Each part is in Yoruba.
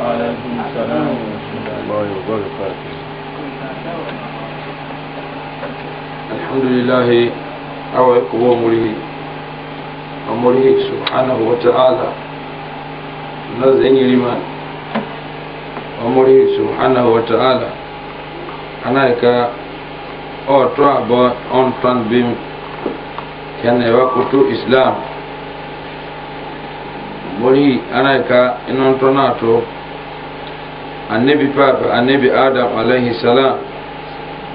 وعليكم السلام ورحمة الله وبركاته الحمد لله أوعكم ومره ومره سبحانه وتعالى نزعين لمن ومره سبحانه وتعالى أناك أوتو أبا أون بهم كان يوقت إسلام mori anaika inontonato anabi papa anabi adam alayhi salam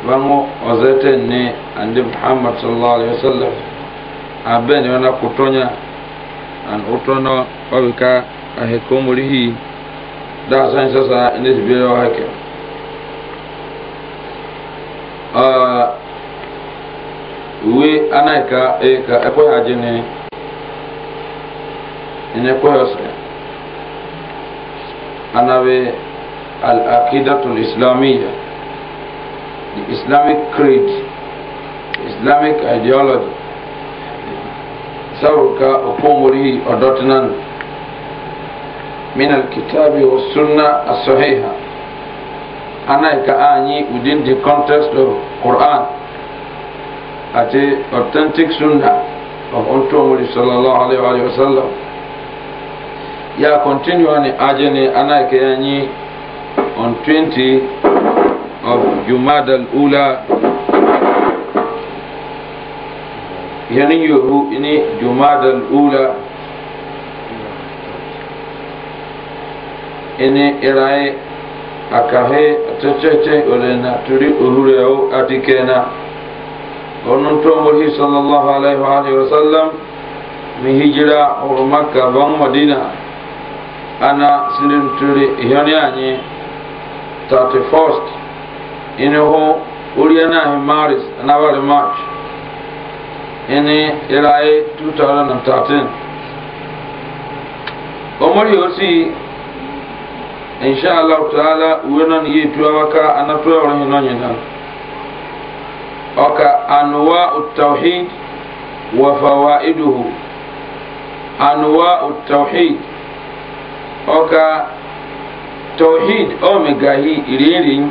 ọzọ ozete ne andi muhammad sallallahu alaihi wasallam abeni wana kutonya an utono obika ahekomurihi da san sasa ne biyo hake ah we anaika e ka ekwe haje ne ene kwa yose anawe Al-Aqidatul the Islamic creed, Islamic ideology. سرك أقومري أدتنا من الكتاب والسنة الصحيحة أنا كأني within the context of Quran at the authentic Sunnah of Antumuri sallallahu alayhi wa sallam ya continually ajani ana kayanyi on 20 of Jumad al-Ula yani yuhu ini Jumad al-Ula ini irai akahe tacece olena turi uhureo atikena onun tomori sallallahu alaihi wa sallam mi hijira ur makka ban madina ana sinin turi yani 31st ini ho uriya na he maris anabare march ini ilaye 2013 omori osi insha Allah ta'ala wenan ye tuwaka anatuwa wani nonyi na oka anwa at-tauhid wa fawaiduhu anwa at-tauhid oka tawhid omegahi iririn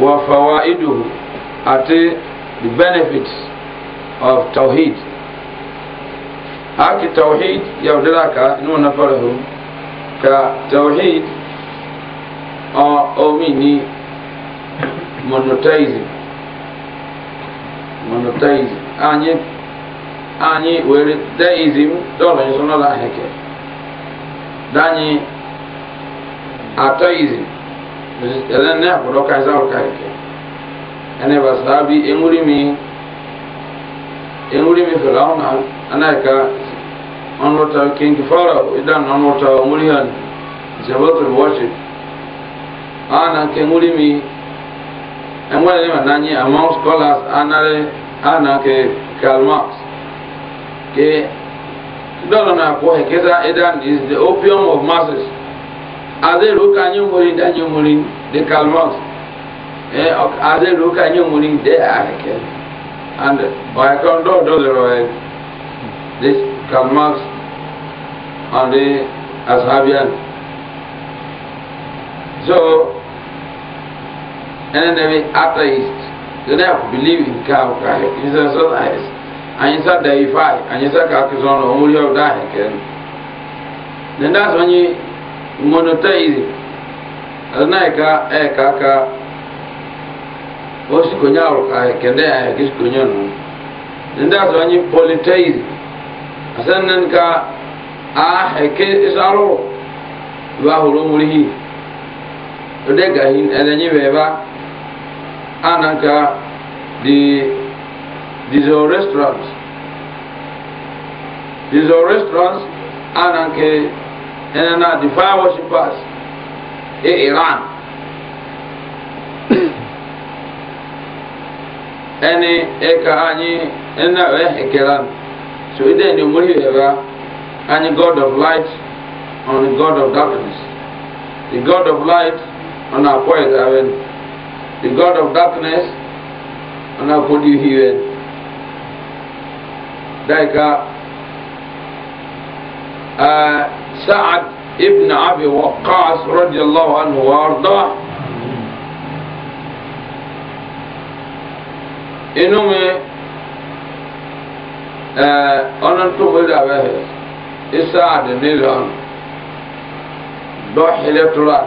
wa fawaiduhu ati the benefits of tawhid aki tawhid yaudara ka inu na farahu ka tawhid omi ni monotheism monotheism anyị anyị were deism dọrọ anyị sọ n'ụlọ ahịa ke danyị ata izi ɛlɛn ne akɔdɔ ka ɛsɛ awɔ ka ɛkɛ ɛnɛ ba saa bi eŋuri mi eŋuri mi fɛlɛ awɔ na ana ɛka ɔnlɔta kinki fara ɛda na ɔnlɔta ɔmuri hàn zɛbɔtɔ wɔtsi ana ke eŋuri mi ɛŋwɛlɛ ne ma nanyi among scholars anare ana ke karl ke dɔlɔ na akɔ ɛkɛta ɛda ni is the opium of masses. adé ro ka nyé mori dá nyé mori de kalmos ẹ eh, adé ro ka nyé mori de akeke and by kan dọ̀ dọ̀ lọ́rọ̀ This de kalmos and the Ashabian. so and ẹnẹ nẹbi atheist they don't believe in cow cow it's a so nice anyisa deify anyisa kakisọ na ọmọ yọ ọdọ ahẹkẹ then that's when you. monotheism anaika eka aka osikonya aruka e kende ya e kisikonya no nda so anyi polytheism asanan ka a heke isaro e wa horo murihi ode gahin elenyi beba ananka di di zo restaurants di zo restaurants ananke and uh, divine worshippers in Iran. ẹni ẹka anyị ẹna ẹ ekela so ịdị ẹni omori ẹra any god of light on the god of darkness the god of light on akwa ẹzawen the god of darkness on akodi ihiwe daika. Uh, سعد ابن أبي وقاص رضي الله عنه وأرضاه إنهم آه، أنا تقول له إسعد نيلان دوح إلكترات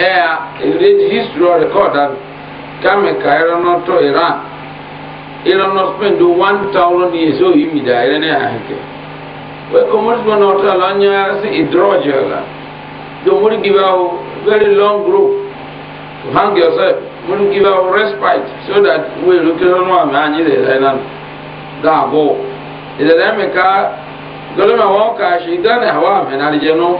إيه الريد هيستوري ريكورد كم كايرون تو إيران إيران نصبن دو 1000 years so humid إيران Commerce one hotel, Anya, Hydrogel. You would give out very long group to hang yourself. Wouldn't give out respite so that we look at one man, you know, that go. Is it America? Golema Walker, she done a Hawam and Arijano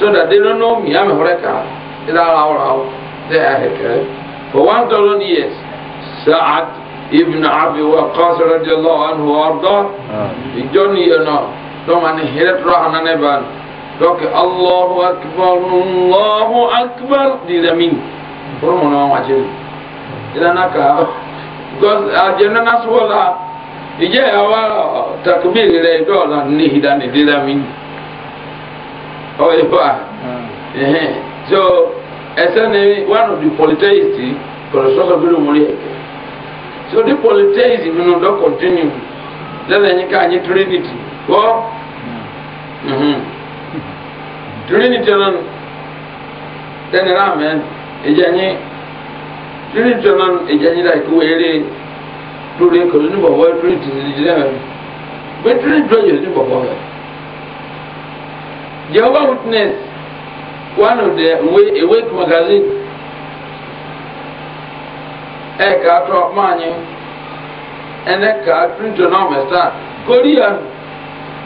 so that they don't know me. I'm a Horeka. It's all out. They are Heke. For one thousand years, Sa'ad ibn Abi Waqqas radiallahu anhu, Arda, he ah. journeyed enough. دوما نهرت راحنا نبان دوك الله أكبر الله أكبر دي زمين برمونا ما جل إذا نكا أجلنا ناس ولا إجا أوا تكبير إلى دولا نهدا دي زمين أو يبا إيه so ẹsẹ ni one of the polytheists kọlọsọsọ bí lóun rí ẹkẹ so the polytheism you know don continue lẹ́lẹ̀ yín ká yín trinity ko trinity tenan tene ramen ejanyi trinity tenan ejanyi la ku ere lórí ko ni bo wa trinity ni jira be trinity do ni bo bo Jehovah Witness one of the awake, awake magazine ẹ kà á tọ́ ọ̀pọ̀ ànyìn ẹ nẹ kà á Korean.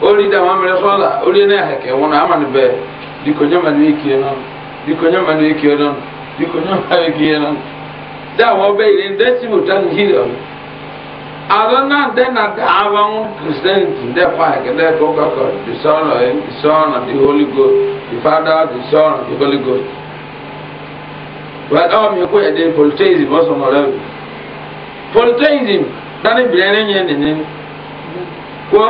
ori da ma mere sola ori na ha ke wona ama be di ko nyama ne ki no di ko nyama ne ki no di ko nyama ne ki no da wo be ile de ti mo tan hi do ara na de na da ava un christian de fa ke de ko ka ko di son o en di son of holy ghost di father di son of the holy ghost wa da mi ko e de polytheism o so mo re polytheism dani bi ne ne ko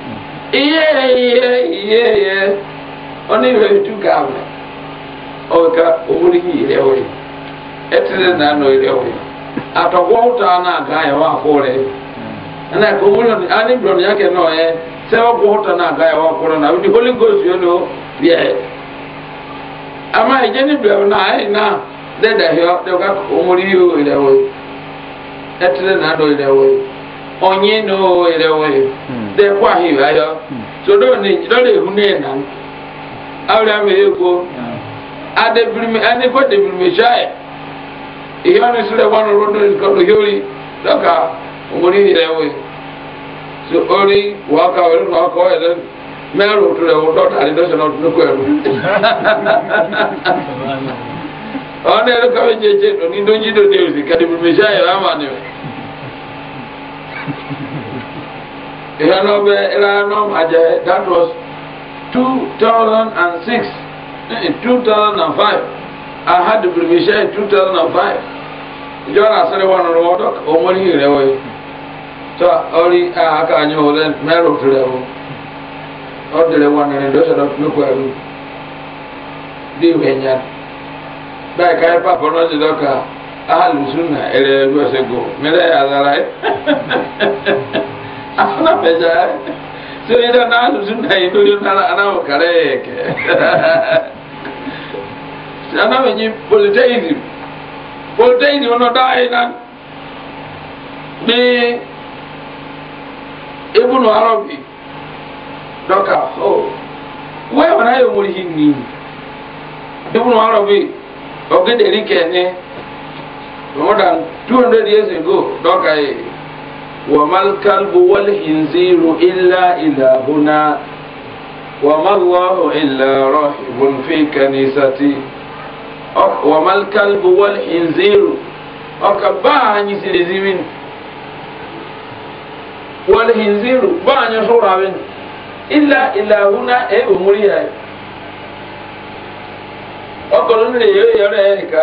iye iye iye etu ọ̀nà ìwé ètú gàmù ọ̀ka òwúrò yìí ìrẹ̀ na-anọ nànà ìrẹ̀ wẹ̀ ụta na-aga gà yà wà kó na ẹnna ẹ̀kọ́ na ní ya nọ ẹ̀ sẹ́ ọ̀kọ́ ọ̀tọ̀ náà gà yà wà kó holy ghost yóò onye na ohere ohere hmm. dekwa hiwa ya hmm. so do ne do le hu ne nan awra me ego ade bilme ade ko de bilme jai iyo ne sure wanu ro do ko do yori daga omori ni re we so ori wa ka we no ko ele mẹ́rù tó rẹ̀ wọ́n dọ́ta àdídọ́sẹ̀ náà tó kọ́ ẹ̀rù. ọ̀nà ẹ̀rọ kọ́mẹ́jẹ̀jẹ̀ onídójídò ní òsì kẹ́lẹ́bùrùmẹ́sẹ̀ àyẹ̀wò àmàlẹ́ rẹ̀. ìlànàbẹ ìlànàm àjẹ that was two thousand and six eh, two thousand and five I had the permission. in two thousand and five ìjọba àṣírí wọn lọ wọ́n dọ́kà ọmọlẹ́yìn rẹ̀ wọ́n yìí tó ọrí àhàkà ànyìn wọn lẹ́nu mẹ́rù tó rẹ̀ wọ́n ọ̀dẹ̀rẹ̀ wọn nìyẹn lọ́sọ̀rọ̀ lóko ẹ̀rú bí ìwé ẹ̀yàn báyìí káyọ̀ pàpọ̀ náà ti dọ́kà. alùsùnà ẹ̀rẹ̀ ẹgbẹ́ ọ̀sẹ̀ gò mẹ́rẹ̀ àzàrà ẹ̀ anáfẹ̀jà ẹ̀ tí ó yẹ dáná alùsùnà yìí lórí anáwọ̀ kárẹ̀ ẹ̀kẹ́ anáfẹ̀jì polytheism polytheism ọ̀nà na náà ní ebúnú arọ́bì dọ́kà ó wẹ́ẹ̀mọ̀ náà yóò múlí yìí nìyí more than 200 years ago dɔka ye wamal kalbu wal hinziru illa ilahuna wama allahu illa rahibun fi kanisati wamal kalbu wal hinziru ɔka baa anyi sirezi win wal hinziru baa anyi sora win illa ilahuna e omuri ya ɔkɔlɔ nire yɛrɛ yɛrɛ yɛrɛ ka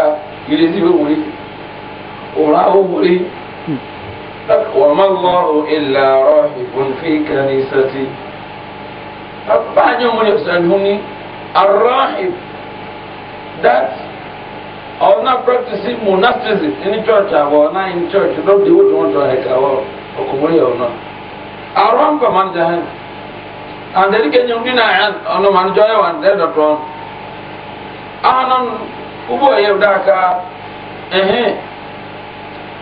yirezi bi wuli. وراه مريد وما الله إلا راهب في كنيستي فبعدهم الراهب that or not practicing monasticism in church or not in church don't do what you want to like okumuri or not for man and then you on man one daka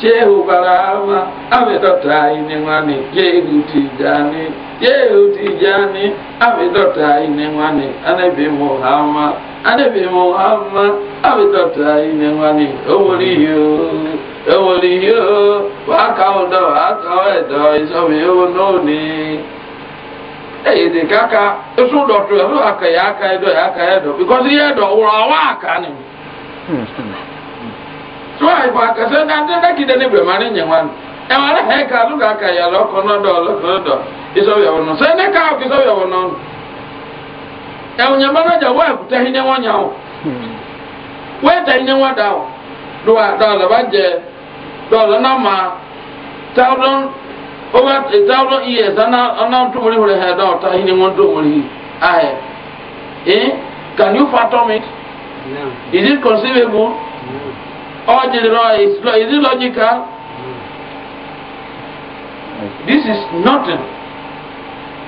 shehu bara ama amịdọta anyị nwanne yehu anyị yehu tijani amịdọta anyị nwanne anabi muhammad anabi muhammad amịdọta anyị nwanne nwere ihe o nwere ihe aka ụdọ aka ụdọ ịzọmi ewu n'one eyi dị ka aka esu dọtụ ịsụ aka ya aka ịdọ ya aka ya dọ bikọsi ihe dọ ụlọ ọwa aka nị. so àìbọ̀ àkàṣe dáńdé dákìdé níbi ìmọ̀rin yẹn wọn ẹ wọn rẹ̀ ẹ̀ka lóga àkàyà lọ́kọ̀ nọ́dọ̀ lọ́kọ̀ nọ́dọ̀ ìsọ̀yọ̀wọ̀ nọ sẹ́ni ẹ̀ka ìsọ̀yọ̀wọ̀ nọ ẹ̀wọ̀n yẹn bọ́n ọjà wọ́n a can you fathom it? is it conceivable? all the law is law. Is it logical? This is nothing.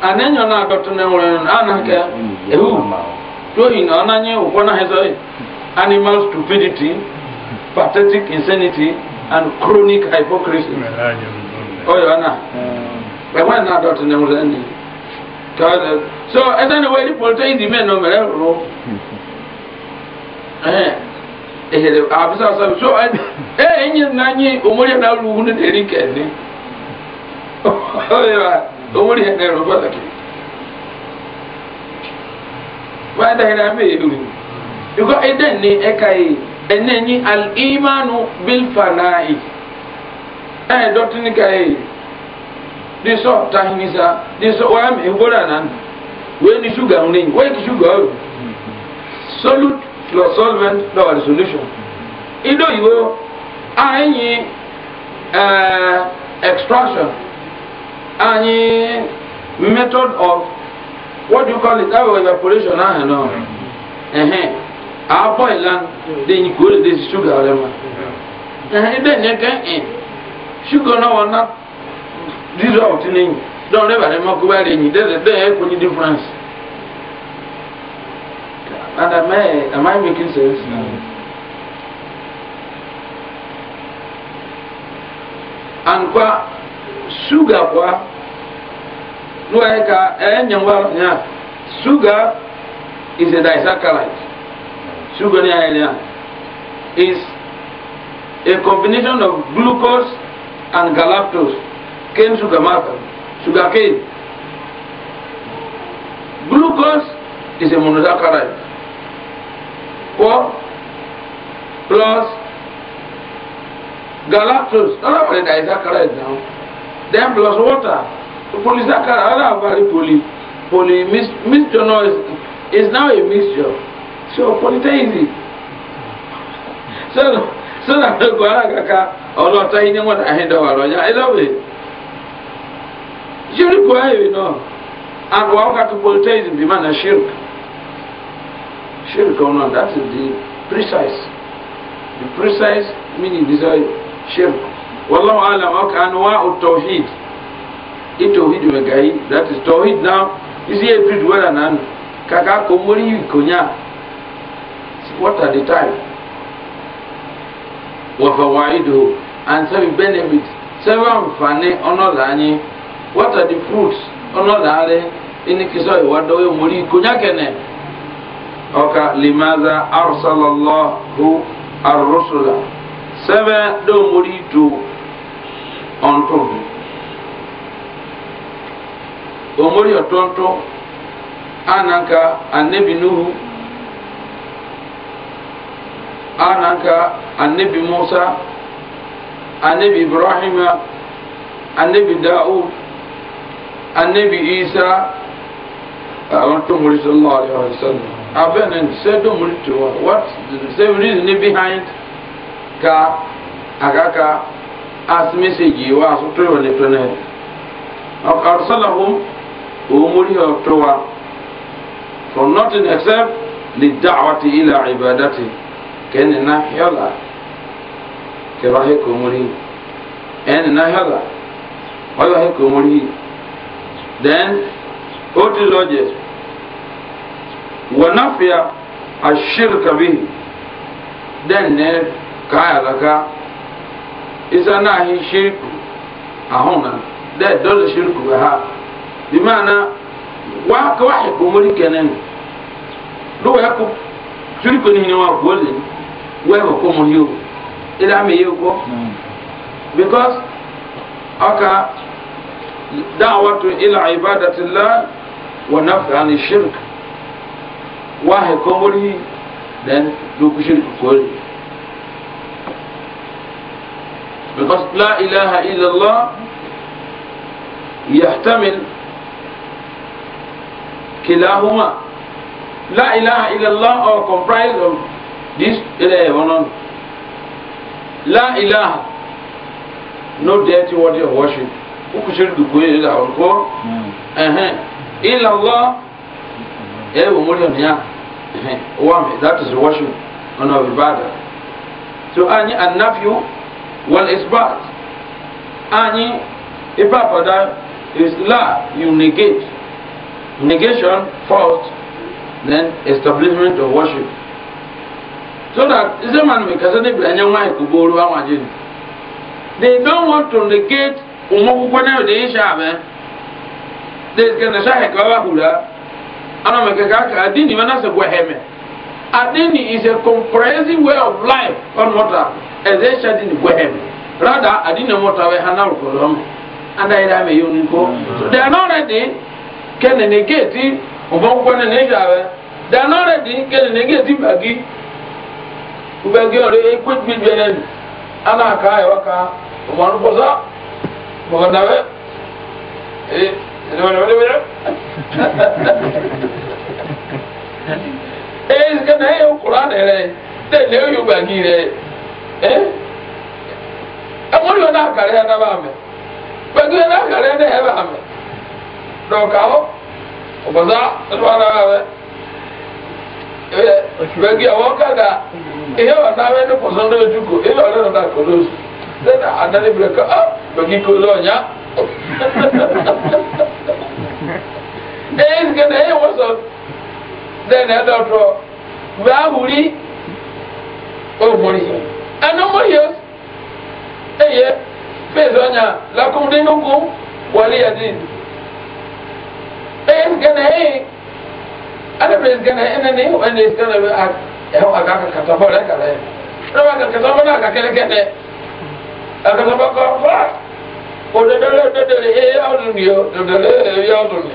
And then you're not got to know when Anaka, who, doing on a new one have animal stupidity, pathetic insanity, and chronic hypocrisy. Mm-hmm. Oh, you're not. But when not got to know any. So, anyway, the politician is the man no matter. ehele abisa ah, sọ so ẹ eh, ẹ eh, enyi na anyi omori na alu wu ne na eri kẹni ọyọ oh, omori na ẹrọ pàtàkì wọn ẹdá yẹn amẹ yẹn lórí ikọ ẹdá ẹni ẹka yìí ẹni ẹni alimanu bilfanai ẹ eh, dọtí ni ka yìí di sọ tahinisa di sọ wọn amẹ ìwúrọ àná wọ́n ẹni ṣúgà ń rìn wọ́n ẹni ṣúgà solute your solvent your solution ilé òyìnbó àyìn extraction àyìn method of what do you call it awo evaporation náà hàn náà ẹ̀hìn àbọ̀ ìlànà lẹ́yìn kò lè desi ṣúgà rẹ̀ mọ́ ẹ̀hìn ilé ìyẹn kẹ́ ẹ̀ ṣúgà náà wọ́n ná dídọ̀ ọ̀tí lẹ́yìn dọ́ọ̀rẹ́ bàrẹ̀ mọ́ kó bá rẹ̀ yìn dẹ́sẹ̀ dẹ́yẹ kò ní difference. And am I, am I making sense? No. And kwa sugar kwa nuweka enyewa ya sugar is a disaccharide. Sugar ni aelia is a combination of glucose and galactose. Cane sugar matter, sugar cane. Glucose is a monosaccharide four plus galactose another one that is saccharide now then plus water polysaccharide are very poly poly mix mixture now is, is now a mixture so polythene is it so so na go alakaka ọdọ ọta yìí ni wọn àhìn dọwà lọnyà ẹ lọwọ yìí ṣírí kò ẹ yìí náà and wọn kàtó polythene bí mà nà ṣírk. Sheikh Kauna, that is the precise. The precise meaning is shirk. Wallahu alam, okay, anwa'u tawheed. E tawheed megai, that is tawheed now. Is he a bit well and kaka komori kunya. What are the time? Wafawaidu and seven benefits. Seven fane honor lani. What are the fruits? Honor lani. Ini kisah iwadoyo mori konya kene oka limaza arsalallahu arrusula sɛbɛ do mori do ɔnto omori ɔtonto ananka anabi nuhu ananka anabi musa anabi ibrahima anabi daud anabi isa ɔnto mori sallallahu alaihi wa sallam abin nan sai don murtuwa what the reason behind ka agaka as message wa so to ne to ne arsalahum umuri towa for nothing except lid'awati ila ibadati ken na yala ke ba he ko muri then what is logic wa nafiya ashirka bihi den ne kaya laka isa na hi shirku a hona da dole shirku ga ha bi ma'ana wa ka wahi ko muri kenan do ya ko shirku ni ne wa ko le wa ko mo yo ila me yo ko hmm. because aka da'watu ila ibadatillah wa nafi an shirku wahe komori then do kushir kufuri because la ilaha illallah يحتمل كلاهما لا إله إلا الله or Comprise of this إله one لا إله no deity worthy of worship وكشر دكوين uh-huh. إلا الله إلا الله ẹ wò mo lọ nìyà wà mí that is worship ọ̀nà ìbàdà so anyi anafiu wal isbat anyi ipa àpàdà is la you negate negation fault then establishment of worship so that is a zeman mi kasa ne bila nyanwa ya kuboro wa majini they don't want to negate umu kukwana yode isha abe they is gonna shahe kwa wahula ana m kɛkɛ aka adini mɛ nasɛ wɛhɛmɛ adini is a comprehensive way of life ɔn eze ɛzɛ hyɛ adini wɛhɛmɛ rada adini mota bɛ hana rukɔlɔm anda yɛrɛ me yɛ oniko they are not ready kɛnɛ ne eti ɔbɔn ne hyɛ awɛ they are not ready kɛnɛ ne bagi ubagi ana aka Anyone over there? ee nke na ihe ụkwụrụ a na-ere te na eyi ụgba gị eh enwere ihe na-akara ya naba amị kpedo ihe na-akara ya na ebe amị na ụka ahụ ọbọza nwa na awe ebe gị ọwụ ka ga ihe ọ na-awe ndị pọzọ ebe ọ na-anọ na kolozu ka eyi nke na eyi wọsọ dị na ịdọ tụọ bụ ahụri omori anụmọhịa eye fez ọnya lakụmdị nnukwu wali ya dị eyi nke na eyi adabere nke na eyi na eyi na eyi na eyi ɛhɔ aga kakata fɔ lɛ kala yɛ ɛhɔ aga kakata fɔ lɛ aga kɛlɛkɛ dɛ aga kakata fɔ kɔ fɔ o dodo lɛ dodo lɛ eya ɔdu ni o dodo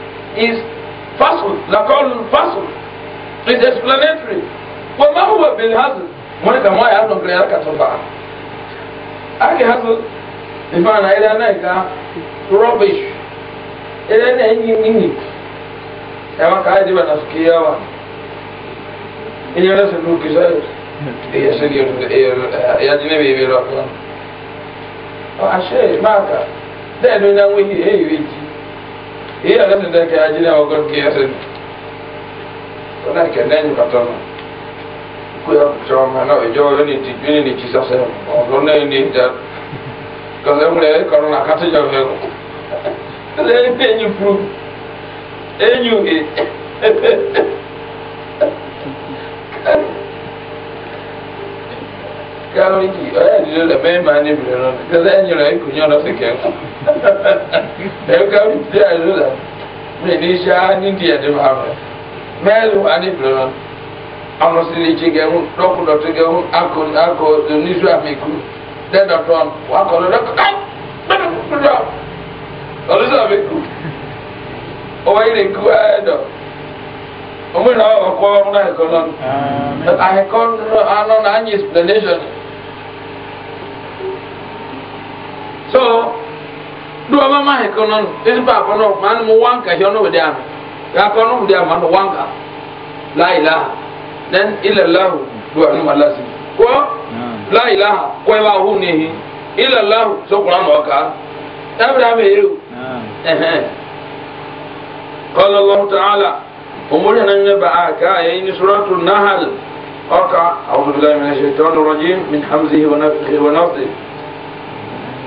is fasul lakọlù fasul is explanatory wọ́n máa wọ bẹ̀rẹ̀ hazel wọ́n ní kàwọn àyà nọ̀kẹ́rẹ́ yàrá kàtó bá a kì hazel nípa àná ilé aná ìka rubbish ilé aná ẹ̀yìn nìyí ẹ̀ wá káyọ̀ dìbò náà sùkì yà wá ìyẹn lẹ́sẹ̀ ló kì sẹ́yìn ìyẹn sẹ́yìn ìyẹn ti ní bèbè lọ́kàn ọ̀ àṣẹ ìmáàkà dẹ́ẹ̀ ló ń yá wọ́n yìí èyí wéjì. hiyo ndio ndio kwa ajili ya wagon kiasi kuna kenenyu katono kuya kuchoma na ujoro ni tijini ni kisasa ngone ni ta kaza mle korona kataja wewe ile penyu fu enyu e káwọn ọ ọ̀yà ìdílé rẹ̀ bẹ́ẹ̀ máa ní ìbìrẹ̀ lọ́nà kẹsẹ̀ ẹ̀yìn rẹ̀ kò yàn lọ́sẹ̀ kẹ́kọ̀ọ́ ẹ̀yìn ní ní àwọn sì lè gẹ̀hún lọ́kùn gẹ̀hún akọ akọ oníṣu àmìkú so do ama ma he kono no e ba n'o ma no mo wanka he n'o we dia ya kono n'o dia ma no wanka la ilaha dan illa allah do anu malasi ko hmm. la ilaha ko wa e hu hi illa allah so n'o ka abra me yu eh eh أقع أعوذ بالله من الشيطان الرجيم من حمزه ونفخه ونفثه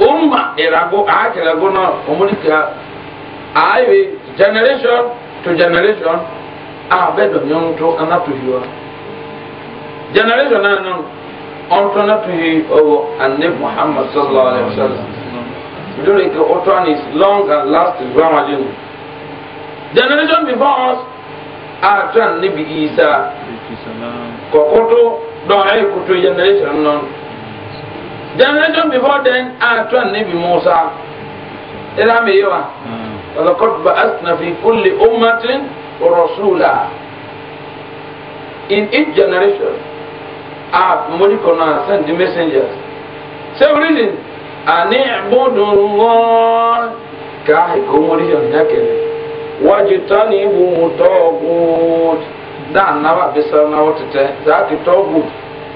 umma irago e akira gona umulika ayi generation to generation abedo nyonto anatuhiwa generation nanu onto natuhi owo anne muhammad sallallahu alaihi wasallam during the otan is long and lasting ramadan generation before us atan nabi isa kokoto do ay kutu generation nanu generation before then atu anabi musa ila me yiwa walakot ba'athna fi kulli ummatin rasula in each generation ah mori kona send the messengers so reason ani ibudu allah ka ko mori yon nakele wajitani bu togut dan na ba bisa na wotete za ki togut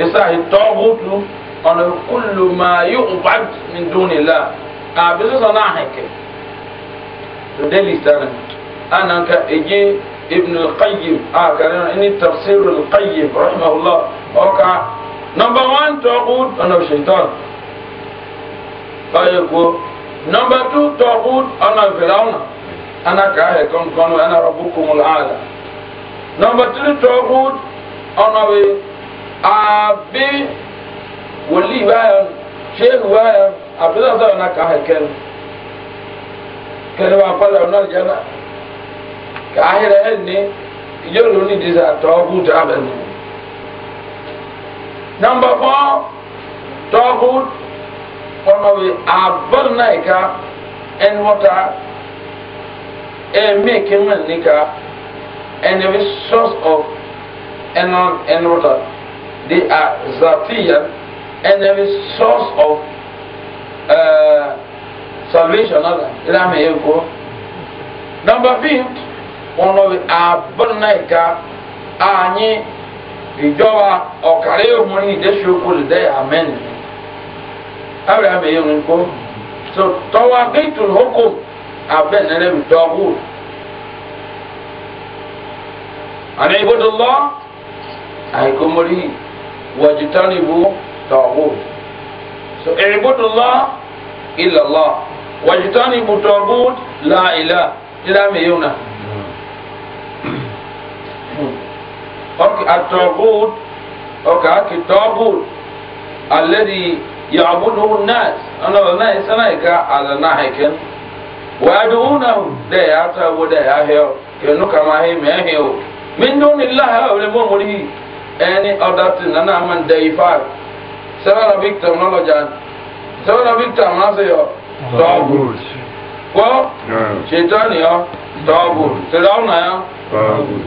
يسعى الطاغوت أن كل ما يعبد من دون الله أبدا صناعك دليل سنة أنا كأجي ابن القيم آه كان إني تفسير القيم رحمه الله أوكا نمبر وان طاغوت أنا الشيطان أيكو نمبر تو طاغوت أنا فرعون أنا كاهي كون كون أنا ربكم الأعلى نمبر تلي طاغوت أنا àbí wòlíì báyọ̀ ṣéèlú báyọ̀ àbúrò sọ̀rọ̀ náà kà hẹ̀kẹ́ni kẹ́ni wàá pàlẹ́ ọ̀nà ìjẹ́nà kà á yẹrẹ ẹ̀ ní ìjọ ló ní ìdíje àtọ́kù tó abẹ́ ní. nọmba fọ́ tọ́kù ọmọbi àbọ̀rọ̀ náà ìka ẹni wọ́ta ẹ̀ mẹ́kẹ́ mẹ́rin níka ẹni bi source of ẹnu ẹnu wọ́ta they are zatiya and there is source of uh, salvation ọ̀la ìlànà ẹ̀kọ́. number five wọn lọ abọ́n náà ìka ààyè ìjọba ọ̀kàrẹ́ òun ní ìdẹ́sọ̀kọ lè dẹ́ amẹ́ni abẹ́rẹ́ àmì ẹ̀yẹ wọn kọ́ so tọ́wọ́ akéètò hókò abẹ́nẹ́rẹ́ mi dọ́kù. àná ìbọdọ̀ lọ àìkú mọ́rí yìí wajitanibu tawud so ibudullah illallah wajitanibu tawud la ilah ila meyuna hmm. ok atawud ok aki tawud alladhi ya'buduhu an-nas ana wala isana ka ala nahikan ويدعونهم ده يا تابو ده يا هيو كنو كما هي ما هيو من دون الله هؤلاء مؤمنين any other thing na na man deify sarah na victim oh, no lojan sarah na victim na say yo dogwood kwo shetani yo dogwood sarah na yo dogwood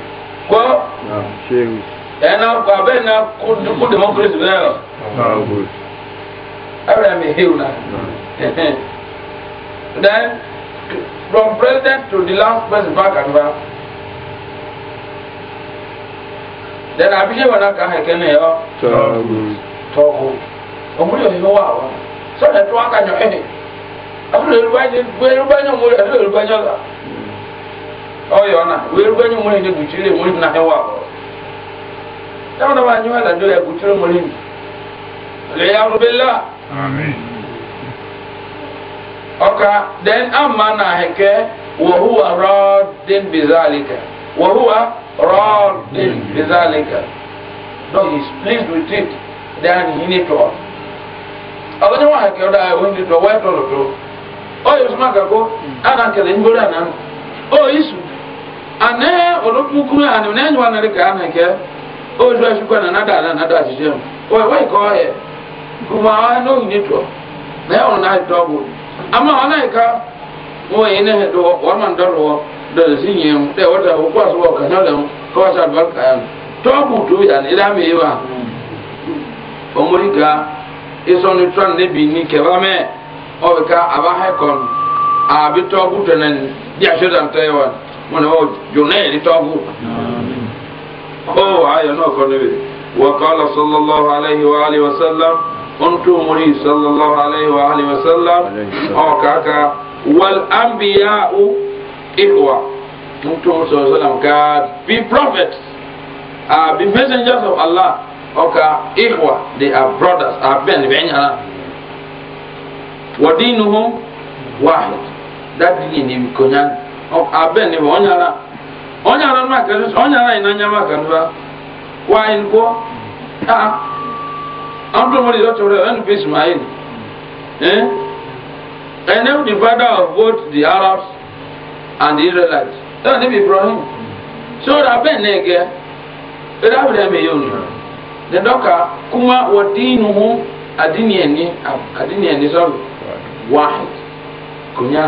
kwo shehu ẹnna abẹ na kó democracy bẹ yọ ẹrẹ mi healed now. then from president to the last person back and back. then abije wala ka ha kene yo togo omuri yo wa wa so na to aka nyo ehe abule rubaje rubaje omuri abule rubaje la oyo na we rubaje omuri ne guchire omuri na he wa wa tawo na wa nyo ala do ya guchire omuri ni le ya rubilla amen oka then amma na heke wa huwa radin bizalika وهو راض بذلك dog is pleased with it then he need to us ọba ni wọn hà kẹrọ dáa wọn di tọ wọn tó ọ yẹ sọmọ àgàkọ àná kẹlẹ ń gbọdọ àná ọ yíṣu àná ọlọpùkúrú àná ní ẹni wọn nàlẹ kẹ àná kẹ ọ yíṣu àṣùkọ àná nàdà nàdà àṣìṣe mu ọ ẹ ọ yẹ gbogbo àwọn ẹni ní tọ náà ẹ wọn náà wọn yìí náà máa ń dɔnni si nyɛ mu dɛ wɔtɔ o kɔ sɔgɔ ka nyɔ lɛ mu kɔ wa sa dɔri kaya mu tɔɔ k'u to yan ni da mi ye wa o mori ka isɔni tɔn ne bi ni kɛba mɛ ɔ ka a b'a hɛ kɔn a bɛ tɔɔ k'u tɛ bi a se dan tɛ wa mo na o jo ne yɛrɛ tɔɔ k'u n'o kɔ ne bɛ wa kala sallallahu alayhi wa alayhi wa sallam on to mori sallallahu alayhi wa alayhi wa sallam ɔ oh, k'a ka wal anbiya'u. ikhwa mutum sallallahu ka be prophets uh, be messengers of Allah oka ikhwa they are brothers are ah, ben ben ah. wadinuhum wahid that dini ni bikonya aben ni onyara onyara ma kalu onyara inanya ma kalu wa in ko ah amdo mo ri lo chore en bismail eh and now the father of both the arabs and the Israelites that it will be growing so that when they get it will be able to ambey you kuma wa deenu hoo a dinie nye a dinie nye sọrọ wahee kụnya.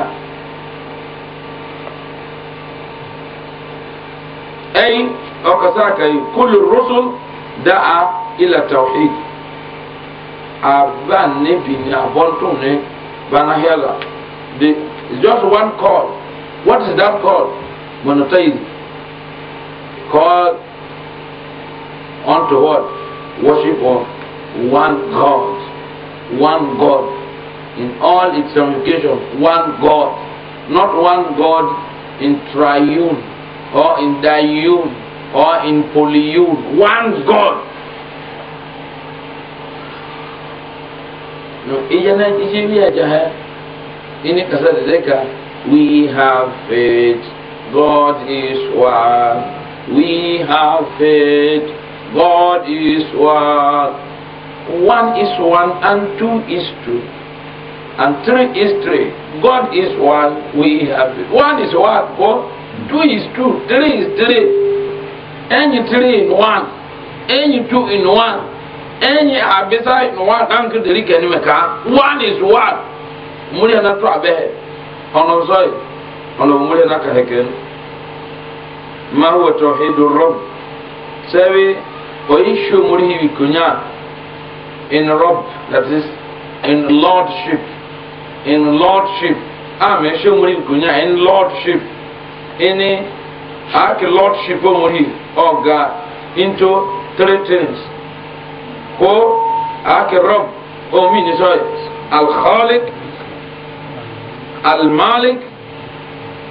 eyi ọkasaakai kụlụ daa ịla tawheed a baa nape ni abọ ntụ n'i banahịa just one call. What is that called? Monotheism. Called unto what? Worship of one God. One God. In all its ramifications, one God. Not one God in triune or in diune or in polyune. One God. No, ijana ijibia jaha. Ini kasar zeka. we have faith, God is one. We have faith, God is one. One is one and two is two. And three is three. God is one, we have faith. One is one, God. Two is two. Three is three. Any three in one. Any two in one. Any abisa in one. One is one. Muri anato abehe hono soy hono mure na ka heken ma huwa tauhidur rabb sabi o ishu muri bi kunya in rabb that is in lordship in lordship ame ah, ishu muri bi kunya in lordship ini aki lordship o muri o ga into three things ko aki rabb o mini soy al khaliq المالك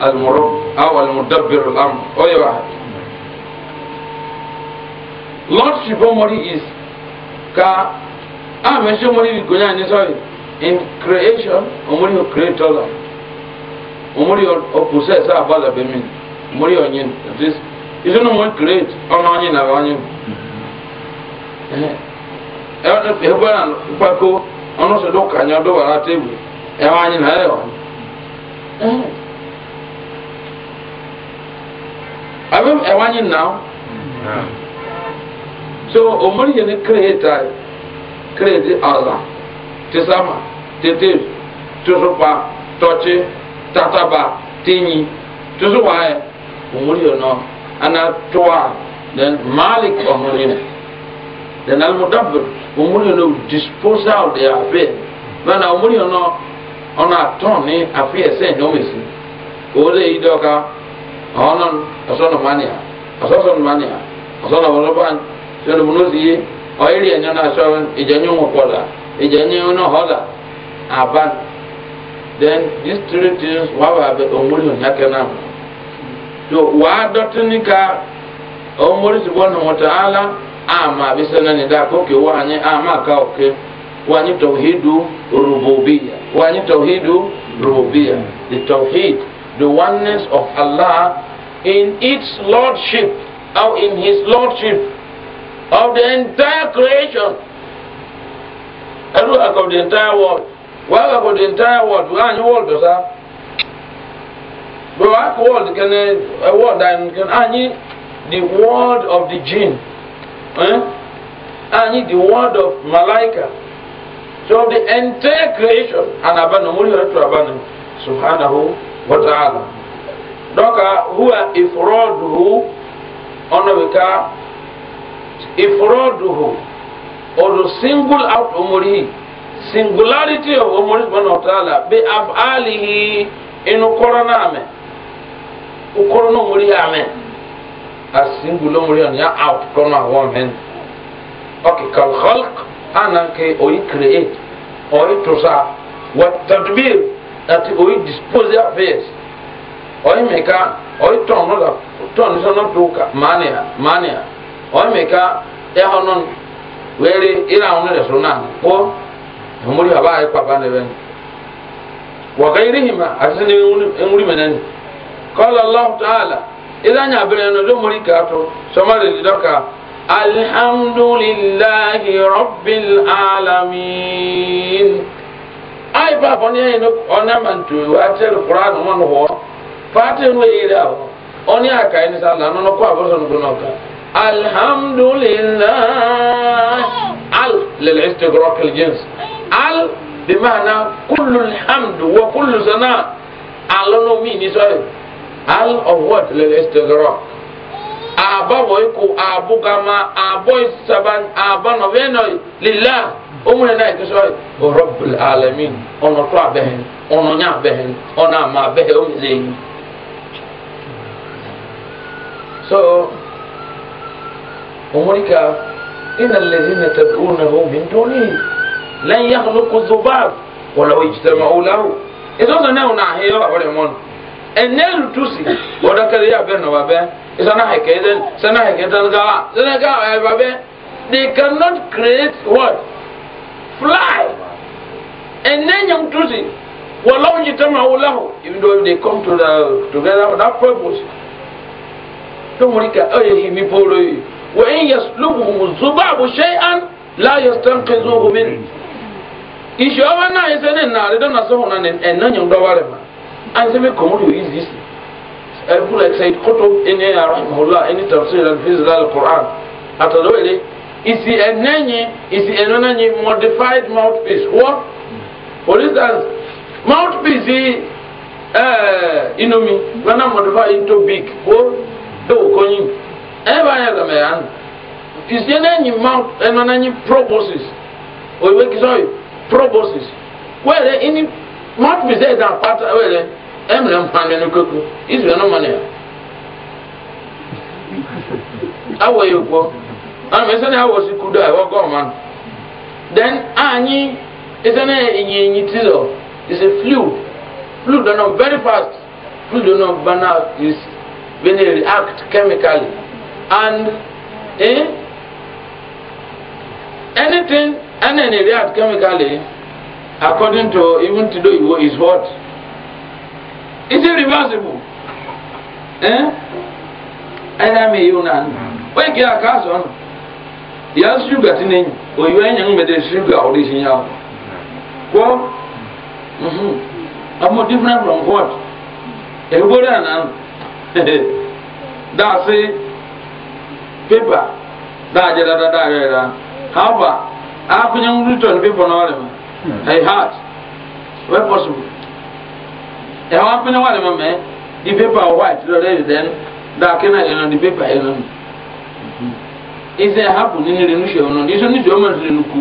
المرب أو المدبر الأمر أو يبقى Lordship Omori is كا a mention Omori في Gonya and sorry in creation Omori will create all that Omori will possess هذا about بمين موري Omori onion this is no more create on onion of onion ẹ̀rọ ẹ̀hùbọ̀nà pàkó ọ̀nà ṣẹ̀dọ̀ kànyà ọ̀dọ̀ wà látẹ̀bù ẹ̀wọ̀n anyin náà ẹ̀wọ̀n abem oh. ɛwanyi now hmm. so omori yɛ ne kireta kireti ala tisama tete tusupa tɔtsi tataba tenyi tusu waayɛ eh, omori yɛ nɔ ana toa then malik ɔmori yɛ then alimudabir omori yɛ nɔ disposal de abe mana omori yɛ nɔ. ọ̀nà àtọ̀n ní àfihẹsẹ̀ ìyọ́mẹ̀sì òwúrọ̀ èyí dọ́ka ọ̀nà ọ̀sọ́nùmánìà ọ̀sọ́sọ́nùmánìà ọ̀sọ́nùmọ́lọ́bàn sọ́nùmọ́nọ́sìyé ọ̀yẹ́rì ẹ̀yọ́ náà sọ ìjẹ́nyún ọ̀pọ̀lá ìjẹ́nyún náà họ́là àbán then these three things wà wà bẹ ọmọlẹ́ ònyàkẹ́ náà so wàá dọ́tí ní ká ọmọlẹ́ sìbọ́nù wọ́tà áàlà àmà àbísẹ́ náà ní dáa kókè wọ́ ànyẹ́ àmà ká òkè. wani tawhidu rububiyya wani tawhidu rububiyya the tawhid the oneness of Allah in its lordship or in his lordship of the entire creation Allah of the entire world work of the entire world we are the world does that we work world can a world and can any the world of the jinn eh? any the world of malaika So the entire creation and abana muri watu abana subhanahu wa ta'ala. Doka huwa ifroduhu ono wika ifroduhu or single out umurihi singularity of umuri subhanahu wa ta'ala bi af'alihi inu korona ame ukorono umuri ame as singular umuri ya out korona awon men okay kal khalq anan ke oyi create oyi tusa wa tadbir ati oyi dispose affairs oyi meka oyi tɔnu la tɔnu sɔnna to ka mania mania oyi meka ɛhɔ nɔn wɛri ira wɔn de so naa ko ɛmuri a baa yɛ kpaba ne bɛ ni wa gayiri hima a ti sɛ ɛmuri mɛ nani kɔla allah ta'ala ira nya bɛrɛ no do muri ka to sɔmɔ de di dɔ ka. الحمد لله رب العالمين أي بابا نينك أنا من تواتي القرآن من هو فاتي ويراه أني أكاين سالا ننقوا بسن بنوكا الحمد لله ال للاستغراق الجنس ال بمعنى كل الحمد وكل ثناء على نومي نسوي ال of what للاستغراق aba wɔyi ko abo gama abo saban aba nɔbɛn nɔyi lila omu nana yi kisɔ ɔrɔbil alamin ɔnɔtɔ abɛhɛn ɔnɔnya abɛhɛn ɔnɔ ama abɛhɛn omi zeyi so omurika ina lezina tabi'unahu min duni lan yakhluqu dhubab wala yajtama'u lahu idan sana una hiyo abare mon enel tusi wadakari ya beno babe sana hekeden sana hekeden gawa sana gawa ya eh, babe they cannot create what fly and then young tusi walau jitama ulahu even though they come to the together for that purpose to mulika oye hi mi polo yi wa in yaslubuhum zubabu shay'an la yastanqizuhu min isho wana isene na redo na so hona en nanyo ndowale ma anse me komodo is this ẹ̀rùkú lẹ̀ sẹ́yìn kótó ẹni ẹ̀yà rahimahullah ẹni tafsir al-fiz al-qur'an àtàlóyè ìsì ẹ̀nẹ́yìn ìsì ẹ̀nẹ́yìn modified mouthpiece wọ́n for instance mouthpiece yìí ẹ̀ẹ́ inú mi gbaná modify into big wó dòwò kọ́yìn ẹ̀ bá yẹ kàmẹ́ yà nù ìsì ẹ̀nẹ́yìn mouth ẹ̀nẹ́yìn proboscis òyìnbó kìsọ́ yìí proboscis wẹ́ẹ̀rẹ́ ẹni mouthpiece is that part. wẹ́ẹ̀rẹ́ emre mpande no koko israel no mane awo yoko ana mesa na awo sikudo a wogo man then anyi isana enyi enyi tilo is a flu flu don know very fast flu don know bana is when they react chemically and eh anything and then react chemically according to even to do is what It's irreversible. Eh? Ẹ̀dá mi yóò náà nù. Wọ́n kì í àká sọ nù. Yà á ṣúgà tí ní òyìnbó or ń different from what? Èwo rẹ̀ nà nù. Dàsí pépà dàjẹ́ dáadáa rẹ̀ rà. However, àpènyẹ́ ń rítọ̀ ní pépà náà rẹ̀ a hmm. heart. Where possible? ẹwà pinnu wà lẹ́mọ̀ mẹ́ di pépà white lọ́dọ̀ yìí dẹ́n dàkẹ́ náà yẹn lọ di pépà yẹn lọ. ìṣe hapù nínú ìrìnnú ṣe ọ̀nà ìṣe ní ìṣòwò mọ̀tò ìrìnnú kù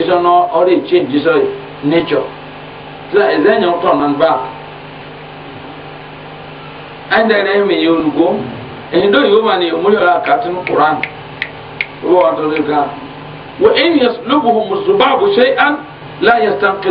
ìṣe ọ̀nà ọ̀rẹ́ change ìṣe nature ṣe ẹ̀ṣẹ̀ ẹ̀yàn turn and back. ẹ̀ńdẹ̀ rẹ̀ mi yẹ olùkọ́ ẹ̀yìn tó yìí ó wà ní ìmúlẹ̀ ọ̀la kàtí ní koran wọ́n wà tó lè ga. wọ́n ẹ̀yìn yẹn lóbùhùn mùsùlùmí báàbò ṣe é án láyé sàǹkì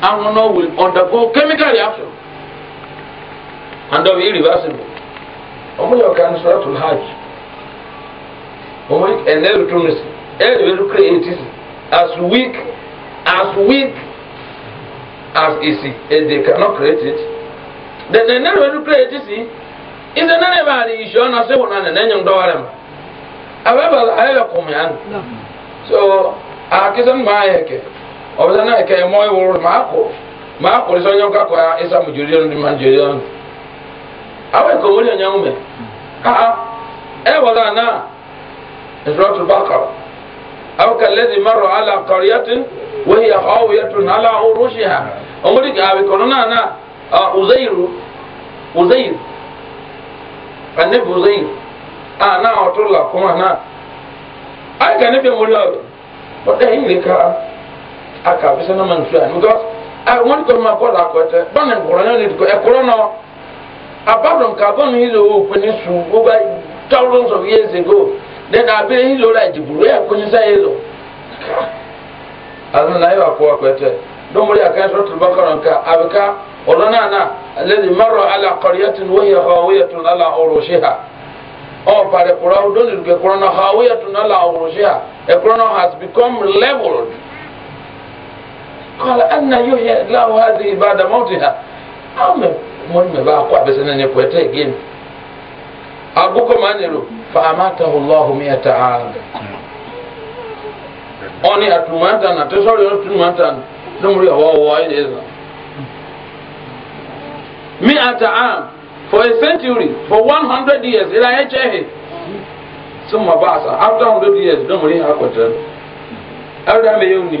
amono will undergo chemical reaction and they will irreversible ọmọ yóò kàn sọ̀rọ̀ tó hajj ọmọ ẹ̀nẹ́rù tó nìsí ẹ̀rù ẹ̀rù creative as weak as weak as isi and eh, they cannot create it then ẹ̀nẹ́rù ẹ̀rù creative si ìdè náà ẹ̀ bá rí ìṣọ́ náà ṣé wọn náà ẹ̀yìn dọ́wọ́rẹ́ mu abẹ́bẹ̀ ayẹyẹ kùnmíyàn so àkísẹ́ ń bá ayẹ kẹ́ ọbẹ̀sẹ̀ náà kẹ́ mọ́ ìwòrò máa kọ́ máa kọ́ ní sọ́jọ́ kakọ́ ya ẹ̀sà mùjúrí ẹnu ní máa jẹ́rí ẹnu. àwọn èkó wọlé ẹ̀yàn mẹ́ káà ẹ̀ wọ́n dà náà ìṣòro bákà àwọn kẹlẹ́dì márùn àlà kọ̀ríyàtì wọ́n yà ọ́ wíyàtùn àlà orúṣì hà ọmọdé kàwé kọ́nọ́ náà náà ọ̀zẹ́yìrù ọ̀zẹ́yìrù anabi zayin a na ọtọ la kuma na a ga ne bẹ mori ọdọ ọdọ yin le aka bisa na man fia because a won ko ma ko da ko te ban en ko na ni ko e ko na ababron ka bon hi lo o ni su o ga thousands of years ago then abi hi lo la jiburu e ko ni sa e lo azun lai wa ko ko te don muri aka suratul baqara ka abika odona na alladhi marra ala qaryatin wa hiya khawiyatun ala urushiha o oh, pare kura don ni ko na khawiyatun ala urushiha e ko has become leveled قال أن يحيي الله هذه بعد موتها أم مرمى بقى بس أنا نبوتي جيم أقولكم أنا له فأماته الله مئة عام أني أتمنى أن تصور أتمنى نمر هو وايد إذا مئة عام for a century for 100 years إلى يجيه ثم بعث after 100 years نمر هكذا أبدا ما يوني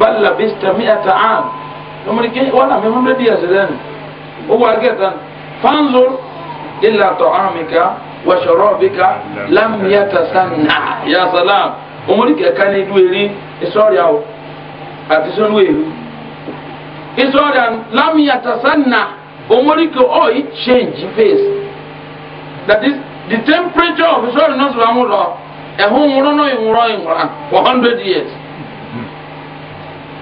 bal labista مئة عام، nomri ke wala me hundred years then o wa getan fanzur illa ta'amika wa sharabika lam yatasanna ya salam omori ke kan ni dueri isori awo ati son we ru isori change face that is the temperature of isori no so amuro ehun wuro no ihuro ihura 100 years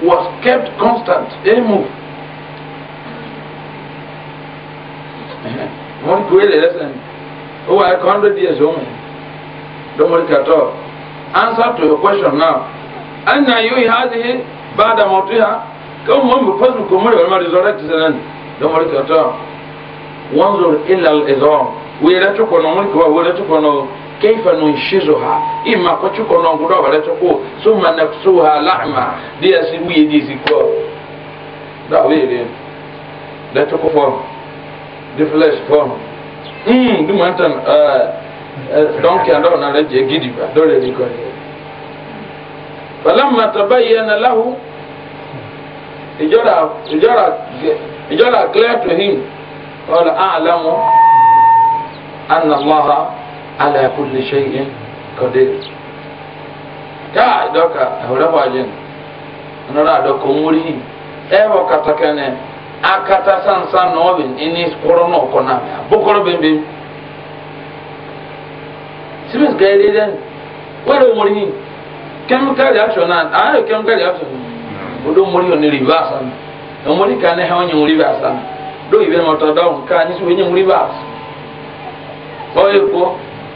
was kept constant any move. wọ́n kú ilé lẹ́sẹ̀ ó wà ẹ̀kọ́ hundred Don't worry at all. answer to your question now And now you have the bad dàmọ̀ tó yá kí wọ́n mú mi pẹ́sùn kò múlẹ̀ wọ́n máa resurrect sẹ́nẹ̀ lọ́mọdé kàtọ́ wọ́n zòrò ilẹ̀ ẹ̀zọ́ wíyẹ̀rẹ́ tó kọ̀ náà wọ́n We wíyẹ̀rẹ́ tó kọ̀ náà keifa nunshizuha ima kwachuko nongudo baletoko summa naksuha lahma dia sibuye diziko dawele letoko form the flesh form mm du mantan donc ando na leje gidiba dole diko falamma tabayyana lahu ijora ijora ijora clear to him qala a'lamu anna allaha ala kulli shay'in qadir ka doka hore wajen nora do ko muri e wo akata sansan no bin ini koro na bu koro bin bin sibis gaire den wala muri kem kemikali ya na ayo kem ka ya shona odo muri oni reverse an no muri ka ne hawo do ibe ka ni so nyuri reverse oye ko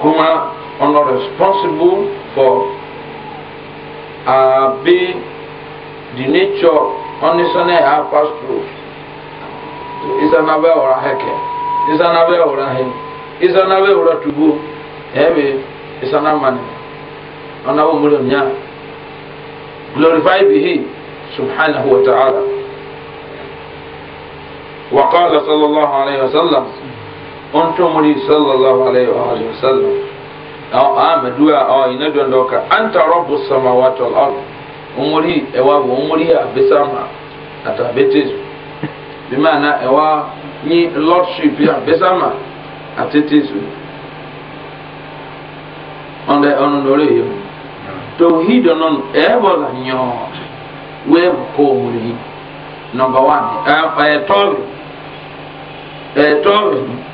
kuma on are responsible for uh, being the nature onisane ha pass through isanabe ora heke isanabe ora he isanabe ora tubu ebe isanamani ona wo muri nya glorify bihi subhanahu wa ta'ala وقال صلى الله عليه وسلم onto muri sallallahu alaihi wa alihi wasallam aw amaduwa aw ina don doka anta rabbus samawati wal ard umuri ewa bo umuri ya besama ata betis bimana ewa ni lordship ya besama atetis onde onondore yo tauhid onon ebo la nyo we ko muri number 1 eh tobi eh tobi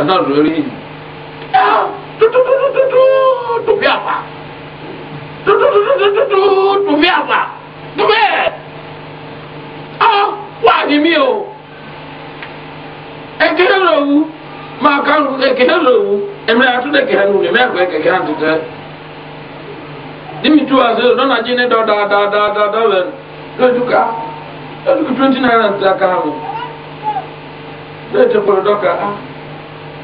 ẹ̀dá rẹ̀ rí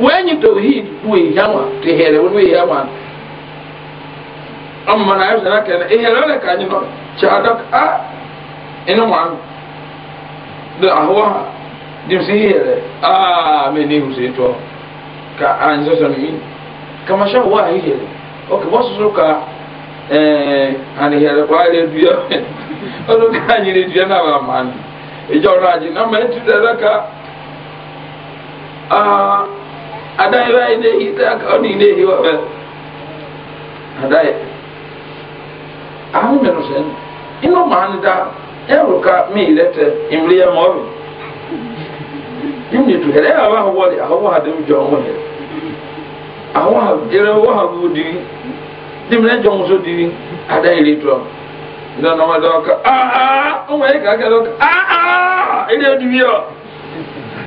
wenye tauhid we yanwa te here we yanwa amma na yau sana kana eh hele ne kanyi no chadak a ina wan da ahwa dim si here a me ne usi to ka an zo so mi kama sha wa here okay wasu so ka eh ani here kwa le duya ono kanyi le duya na ba man ijo e raji na me ti da ka ah adai wa ine ite aka ọ niile ehi wa bel adai ahụ mere sen ino ma nda ẹrù ka mi ilẹtẹ ìmìlẹ yẹ mọọbi ìmìlẹ tu hẹrẹ àwọn ahọwọ ya ahọwọ ha dẹmu jọ ọmọ yẹ ahọwọ ha jẹrẹ ha bu diri dìmìlẹ jọ ọmọ so diri adai ilẹ tu ọ ndé ọmọdé ọkọ aa ọmọ yẹ kàkẹ́ a aa ilé dìbí ọ.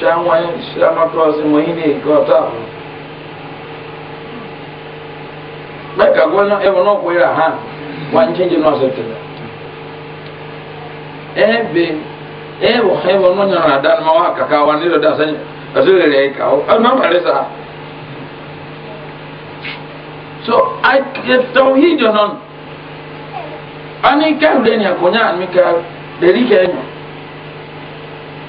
ṣáwọn ṣàmọ́tọ́sí mọ̀ yín ní nǹkan ọ̀tá. mẹ́ka gbọ́nà ẹ̀wọ̀n náà kó yẹra hàn wọ́n chíńjì náà ṣe tẹ̀lé. ẹ̀ẹ́bẹ̀ ẹ̀wọ̀ ẹ̀wọ̀n náà nyọ̀rọ̀ àdánù máa wà kàkà wà nílò dasẹ́ ẹ̀sọ́rẹ̀ rẹ̀ kà ó ẹ̀ máa mẹ́rẹ̀ sá. so tọ́wọ́ yìí ani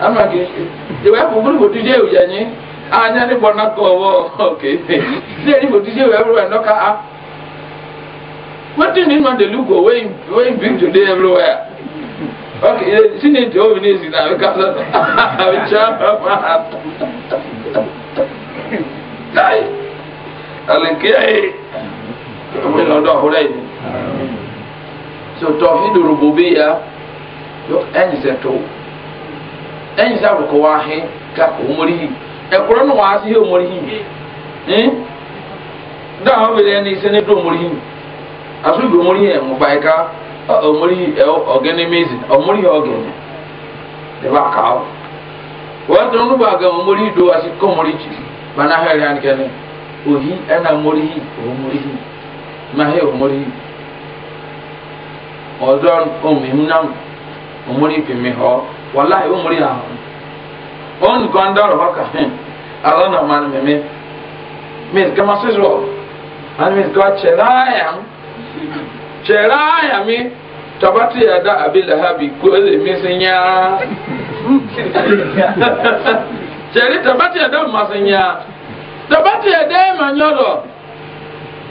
ama ke ìwé àpòpọ̀ ní bòtú jẹ́ òyìn ẹ̀yìn anya ní bọ̀ náà kọ̀ ọ̀wọ́ kéèké sí ẹni bòtú jẹ́ òyìn everywhere ndọ́ka á wetin ní ma dey look o wey wey big today everywhere ok sí ní ìtò òmìnir sí náà wíkà sọ àbí ha ọmọ àtọ láì àlèké ayé ọmọ ìlọdọ ọhúnrẹ yìí so tọfí dòrò bòbí ya. yo ɛnyisɛ to ɛnyisɛ abirikɔ wahe kakɔ omori ɛkoro no he omori yi ɛn daa wɔn bɛrɛ ɛni sɛ ne do omori yi aso bi omori yi ɛmu ba ɛka omori yi ɛ ɔgɛnɛ omori yi ɔgɛnɛ wɔn no ba gɛn omori yi do asi kɔ omori yi bana ha ɛri anikɛnɛ ohi ɛna omori omori ma he omori umuri fi mi hɔ walahi umuri ha on gondoro hɔ ka hɛn ala na ma mi mi mi kama sisɔ ani mi kama kyerɛya kyerɛya mi tabati ya da abi lahabi ko ele mi se nyaa tabati ya da ma tabati ya da ma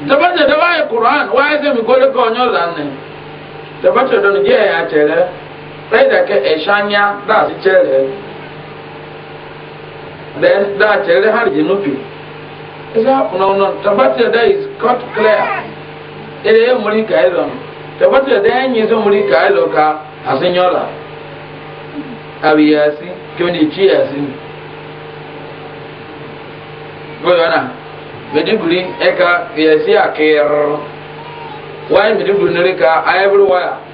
tabati ya da wa ye kuran wa ye se mi kɔle kɔ nyɔdɔ ne tabati ya da ya kyerɛ. tobato is ake eshanya daa si chere ebe daa chere dey har ji nufi isi ha una una,tobato yade is cut clear edeyemuri ka e zo n'onu. tobo teyode enyi say emuri ka e lo ka asinyola a wiyasi kiwende chi asi goyona mejiburi eka wiyasi ake ruru waye mejiburi nere ka everiwaya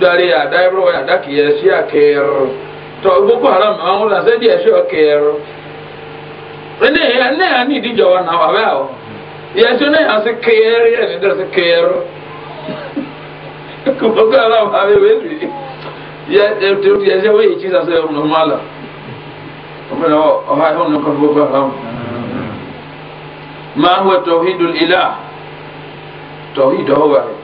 dari ada ebro ada kia si aker tahu buku haram awon la se dia si aker ene ene ani di jawa na wa bao ya so ne as aker ya ne das aker ko boko haram ave we ya te ya se we chi sa normal o me no o ha ho no ko boko haram ma huwa tauhidul ilah tauhid Allah. Oh,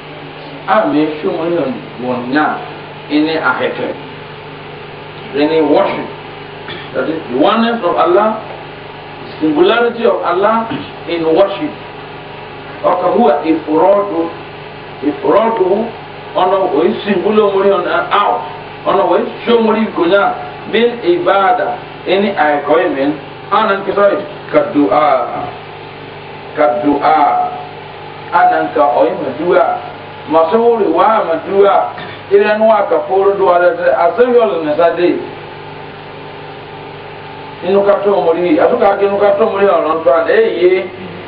a me shomo ne wɔn na ne ahɛtɛ ne worship that is the oneness of allah singularity of allah in worship ɔka huwa ifurɔdu ifurɔdu ɔnɔ oyi singulo mori ɔnɔ out ɔnɔ oyi shomori gonya bil ibada ne ayɛkɔye men anan kisɛ kadua kadua anan ka ɔyi ma dua masawuri wa maduwa ila nuwa ka foro duwa da ta asiri yola na sa dai inu ka to muri a tuka ake inu ka to muri ọ̀rọ̀ ntọ́ àdé yé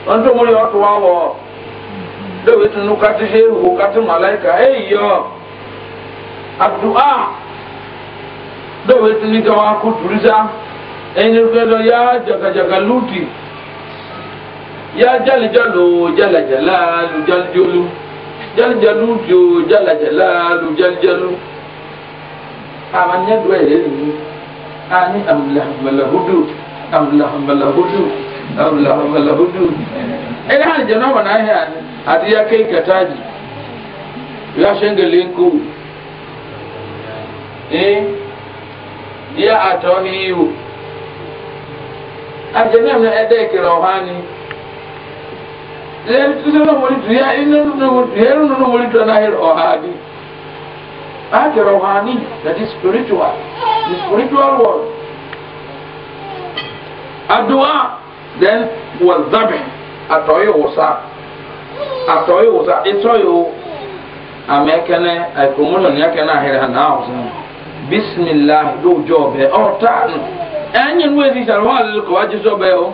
wọn tó muri ọ̀tọ̀ wá wọ̀ lóbi tún nu kati ṣe hu kati malaika ẹ̀ yọ adu'a lóbi tún ní ká wá kú turisa ẹni gbẹdọ yá jagajaga lúti yá jalejalo jalajala lujalujolu. Jal jalijalu ti o jalajalalu jalijalu àwọn nyẹ́dùn ẹ̀rẹ́ nìyí a ní amúlàmàlàhùdù amúlàmàlàhùdù amúlàmàlàhùdù ẹni hàn jẹ́ náà wọ̀n náà hẹ́ àdíyá kéèkì àtàjì yóò aṣẹ́ngẹ̀lẹ́ ńkú ẹ́ yá àtọ́ ní ihò àjẹ́ náà ẹ̀dẹ́ ìkẹrẹ ọ̀hánì eno molitu ya na no molitu anahero ohadi ake rohani that is spiritual the spiritual world adua then wazabe atɔye wosa atɔye wosa etɔye o ame kene ekomono nia kene ahere ha naa wosa bisimilahi do jɔ bɛ ɔtaa no ɛnyin wo edi sari wɔn alele kɔ wa jesu bɛ o.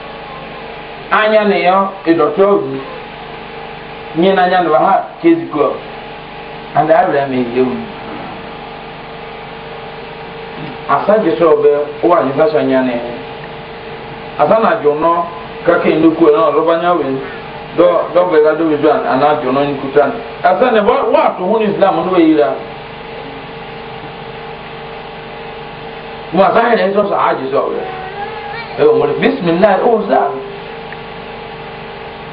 anya na ya ịdọta ọgwụ nye na anya na ha kezikọ and abịa m eyi ewu asa jisọ ọbẹ ụwa nyefasọ anya na ya asa na jụ nọ kaka nnukwu na ọlọba anya wee dọ dọbụ ya dọbụ ya ana jụ nọ nkwuta asa na wa atụ hụ n'islam n'ụwa eyiri ahụ. mu asa ahịrị nsọ sọ ha jisọ ọbẹ ewu mụrụ bisimilahi ụzọ ahụ.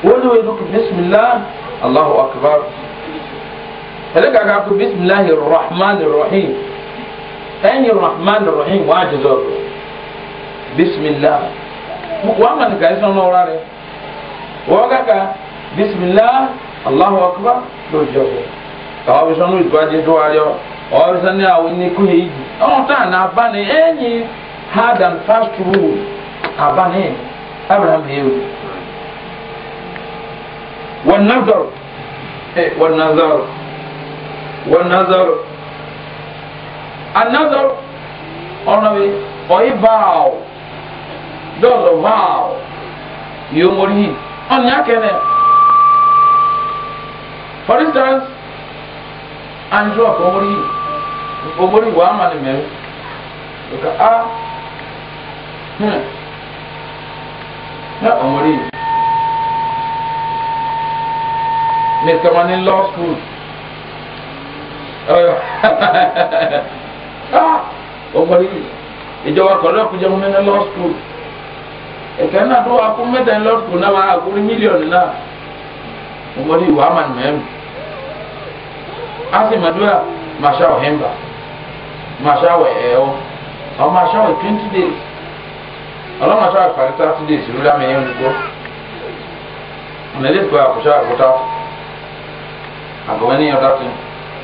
wani wani duk bismillah allahu akbar ẹni kaka ko bisimilahi rahman rahim ẹni rahman rahim wàá jẹjọ bisimilah wàá mọ̀ nìkan ẹ̀sán náà wọ́n rẹ̀ wọ́n kaka bisimilah allahu akbar ló jọ bọ̀ káwọn bí sọ́nù ìtúwájú tó wá yọ ọ́ bí sọ́nù àwọn ẹni kú yìí ọ̀hún tán náà bá ní ẹ̀yìn hard and fast rule àbá ní abraham yẹn والنظر إيه والنظر والنظر النظر أنوي أي باو دوز باو يوموري أن يكنا for instance anjo akomori omori wa amani mẹ nka a ah, hmm na omori yìí. Mr. Money Law School. Ọgbọ̀n ìjọba kọ̀ọ̀dọ̀ kò jẹun nínú Law School. Ẹ̀ka náà tó wà fún mẹ́ta ní Law School náà máa kúrú mílíọ̀nù náà. Ọgbọ̀n ìwà àmàlù mẹ́rin. Asi Madura Masha Ohemba Masha Ẹ̀ẹ́wọ̀ eh, ọmọ eh, oh. Masha Ọ̀ twenty days. Ọlọ́run Masha Ọ̀ pàdé thirty days lórí àmì ẹ̀yẹ́ olùkọ́. Ọ̀nà ilé ìfowópamọ́ àkọ́ṣọ́ àkọ́tà. and go any other thing.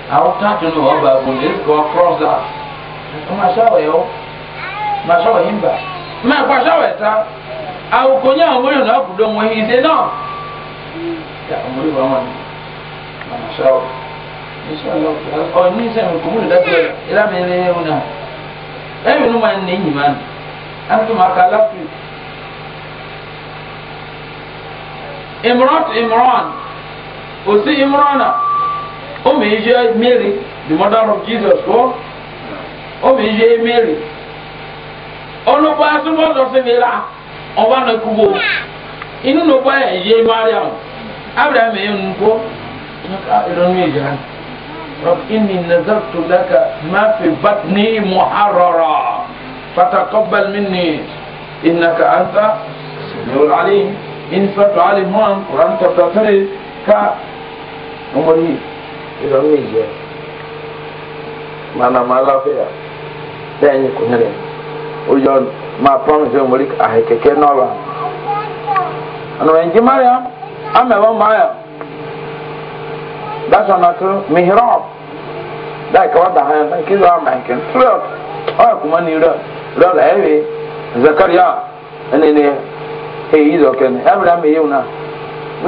After to know about police, go across that. Mashawe yo, mashawe himba. Ma mashawe ta, au konya omuri na kudo mwe hize na. Ya omuri wa mwana. Ma mashawe. Inshallah, oh ni se mkumuli no ila mele una. Ebi Omijé Mary, the mother of Jesus, kọ́. Omijé Mary. Olùkọ́ asúnmọ́ lọ sí mi rà ọba náà kú bò. Inú ló bá ẹ̀yẹ Mariam. Abraham ẹ̀yẹ ń kọ́. Ìrọ̀nù ìjà. Inni nazartu laka ma fi batni muharrara. Fatakọ́bal minni. Innaka anta. Sèmíwòl Alim. Infa tu Alim Mọ́n. Kuran tọ́tọ́ tẹ́lẹ̀ ká. Wọ́n ní. ìrọ̀lẹ́ yìí mana ma lafiya bẹ́ẹ̀ ni kò nílẹ̀ ó yọ máa promise ẹ̀ mọ̀lẹ́ àhẹ kẹ̀kẹ́ náà wà. ọ̀nà ẹ̀jẹ̀ máyà amẹ̀wọ̀ máyà dáṣọ náà tó mihrọ́ọ̀ dáì kọ́ da hàn náà kí ló wà máa kẹ́ tírọ̀ ọ̀rọ̀ kùmọ̀ ní rẹ̀ rẹ̀ rẹ̀ ẹ̀ wẹ̀ zakariya ẹni ni èyí zọkẹ́ ni ẹ̀ bẹ̀rẹ̀ mi yíw náà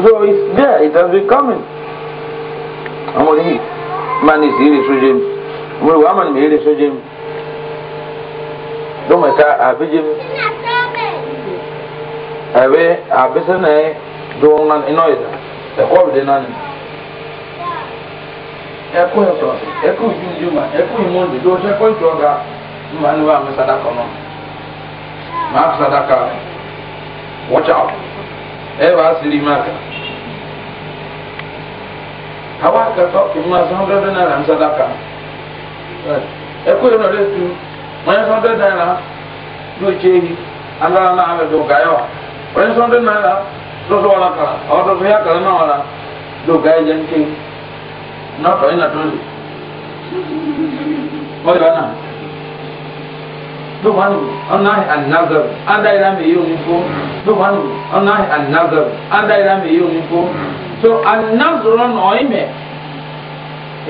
so it's there it has been coming. amori hi mani si ire soje mu amori wa mani mi ire soje mu do masa abije mu abe abisa na ye do nan ino ida ɛkɔ bi de nan ɛkɔ ɛkɔ ɛkɔ junju ma ɛkɔ imu ndi do sɛ ɛkɔ ntɔ ga mma ni wa mi sadaka no ma sadaka watch out ɛ ba siri ma kan. àwa akẹ́kọ̀ọ́ kì í máa san hundred naira ń sadaka ẹkú yìí lọ́dẹ tu wọ́n yẹ san hundred naira ló tse yìí alára náà bẹ̀ tó gayọ̀ wọ́n yẹ san hundred naira lọ́sọ̀ wọ́n la kà ọ́ tó fi yà kàlẹ́ náà wọ́n la ló gayọ̀ jẹ́ ń ké náà fẹ́ yín nà tó lè wọ́n yẹ bá náà do wanu ɔnahi anagab adaira mi yi omi fo do wanu ɔnahi anagab adaira mi yi omi fo so anagoro hmm. na ɔyimɛ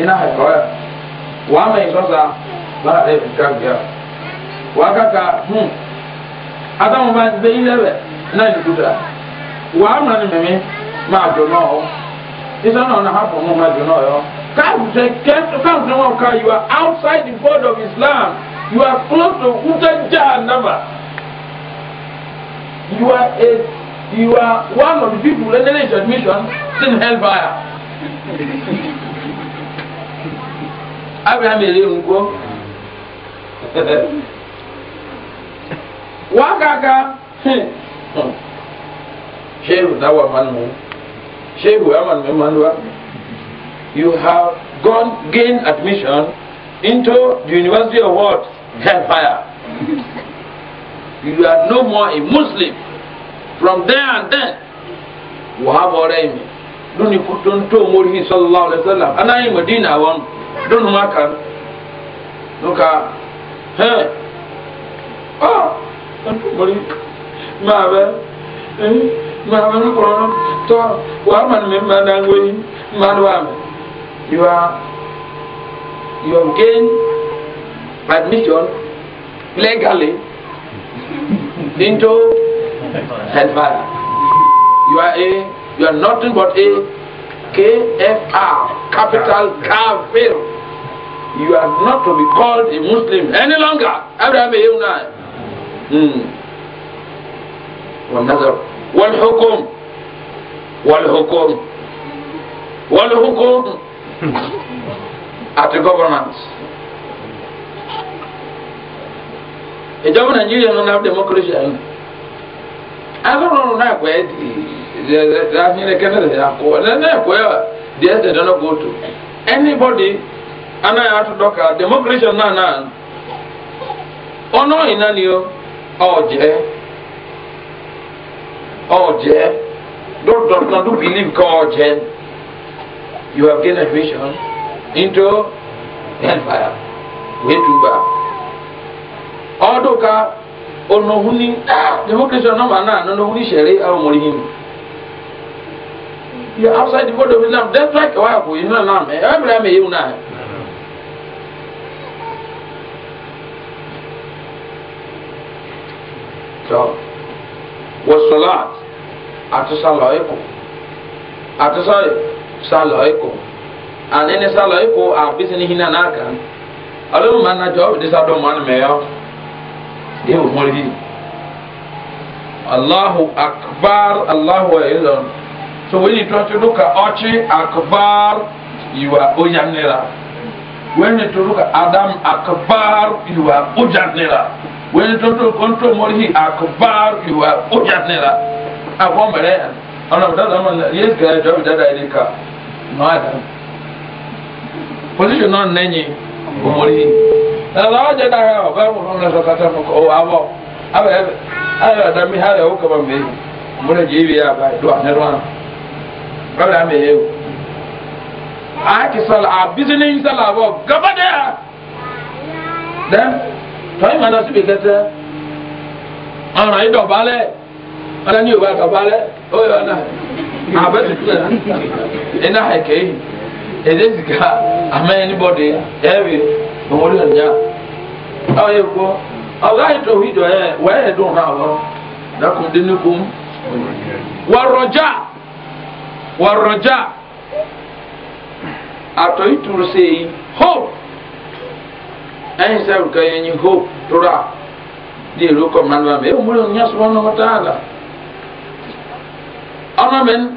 ina ha kɔya wàá mɛ sɔsa bára ɛ fi ká bia wàá kaka hmm adamu ba bɛ yi lɛbɛ na yi kuta wàá mɛ ni mɛmi máa jɔ náà o isan náà na ha fɔ mu máa jɔ náà yɔ káàkiri kẹ́ńtò káàkiri wọn ká yìí wa outside the board of islam. You are close to Utenja Jahannama. You are a, you are one of the people under age admission in hellfire. Abraham ere nkwo. Wakaka Shehu Dawa Manu. Shehu Aman Memanwa. You have gone gain admission into the University of what? hellfire. you are no more a Muslim. From there and then, you have already lóni kutun tó mori sallallahu alayhi ah, eh, wa sallam anayi madina wọn lóni ma kan nuka hẹ ọ tó mori maa bẹ maa bẹ nukọrọ tọ wàá ma ni mi ma dangoyi ma ni wàá mi you are you are gained. Admission legally into hellfire. You are a you are nothing but a KFR capital kafir. You are not to be called a Muslim any longer. Abraham who hmm. والنظر One who والحكم at the governance ìjọba nàìjíríà ló ń náà democracy ẹ̀ azọrọrùn náà kọ ẹ di láàfin kẹne ẹ akọ ẹ náà kọ ẹ di ẹsẹ dáná kó tó anybody aná yà democracy náà náà ọ̀nà ìná ni ọ̀jẹ́ ọ̀jẹ́ don't don't not do believe kọ ọ̀jẹ́ you have gained admission into hellfire way too bad. ọdụ ka onohuni democracy ọnọ ma naa onohuni shere ahụ mụrụ ihe you are outside the world of kẹwàá yà kò yìí nínú náà mẹ ẹ bẹrẹ mẹ yéwu náà. tọ wọsọlá àtúnṣàlọ ẹkọ àtúnṣàlọ ṣàlọ ẹkọ àní ẹkọ àbísí ní hinna náà kàn ọlọ́run máa ń nájọ́ ọ̀bìdísà yẹ wò mọlẹbi allahu akbar allahu ayélujára so wọ́n yìí tó ti dùn ka ọ̀chí akbar ìwà ọ̀yánira wọ́n yìí tó dùn ka adam akbar ìwà ọ̀jánira wọ́n yìí tó dùn kọ́ńtò mọ́lẹ́hì akbar ìwà ọ̀jánira àwọn mẹrẹ ọ̀nà bàtà sọ́mọ yéé gẹ̀rẹ́ jọ́bi dáadáa yìí ká nọ́ àdá Position náà nẹ́yìn. omori ɛnna ɔjɛ n'ahɛ ɔbɛ ŋun ŋun lɛsɛ tata mu o awɔ abɛ ɛbɛ ayɛ ɔda mi ha yɛ o kama mɛ yi mɔlɛ dze ewi yɛ aba do anɛ do an bɛlɛ ya mee o ayaki sɔlɔ abisini sɔlɔ abɔ gaba dɛ dɛ tɔyi ma na sibi kɛtɛ ɔrɔn yi dɔ ba lɛ ɔlɛ ni o ba dɔ ba lɛ ị na edesika ama anybody ebi omori ọjà ọ yẹ kó ọgá ètò ìjọ ẹ wẹ́ẹ́ dùn náà lọ dákun dín ní kún wàrọjà i hope ẹyin sẹ́wọ̀n hope tóra ní èrò kọ̀ọ̀mọ́nà mi ẹ̀ omori ọ̀nyá sọ́wọ́n náà wọ́n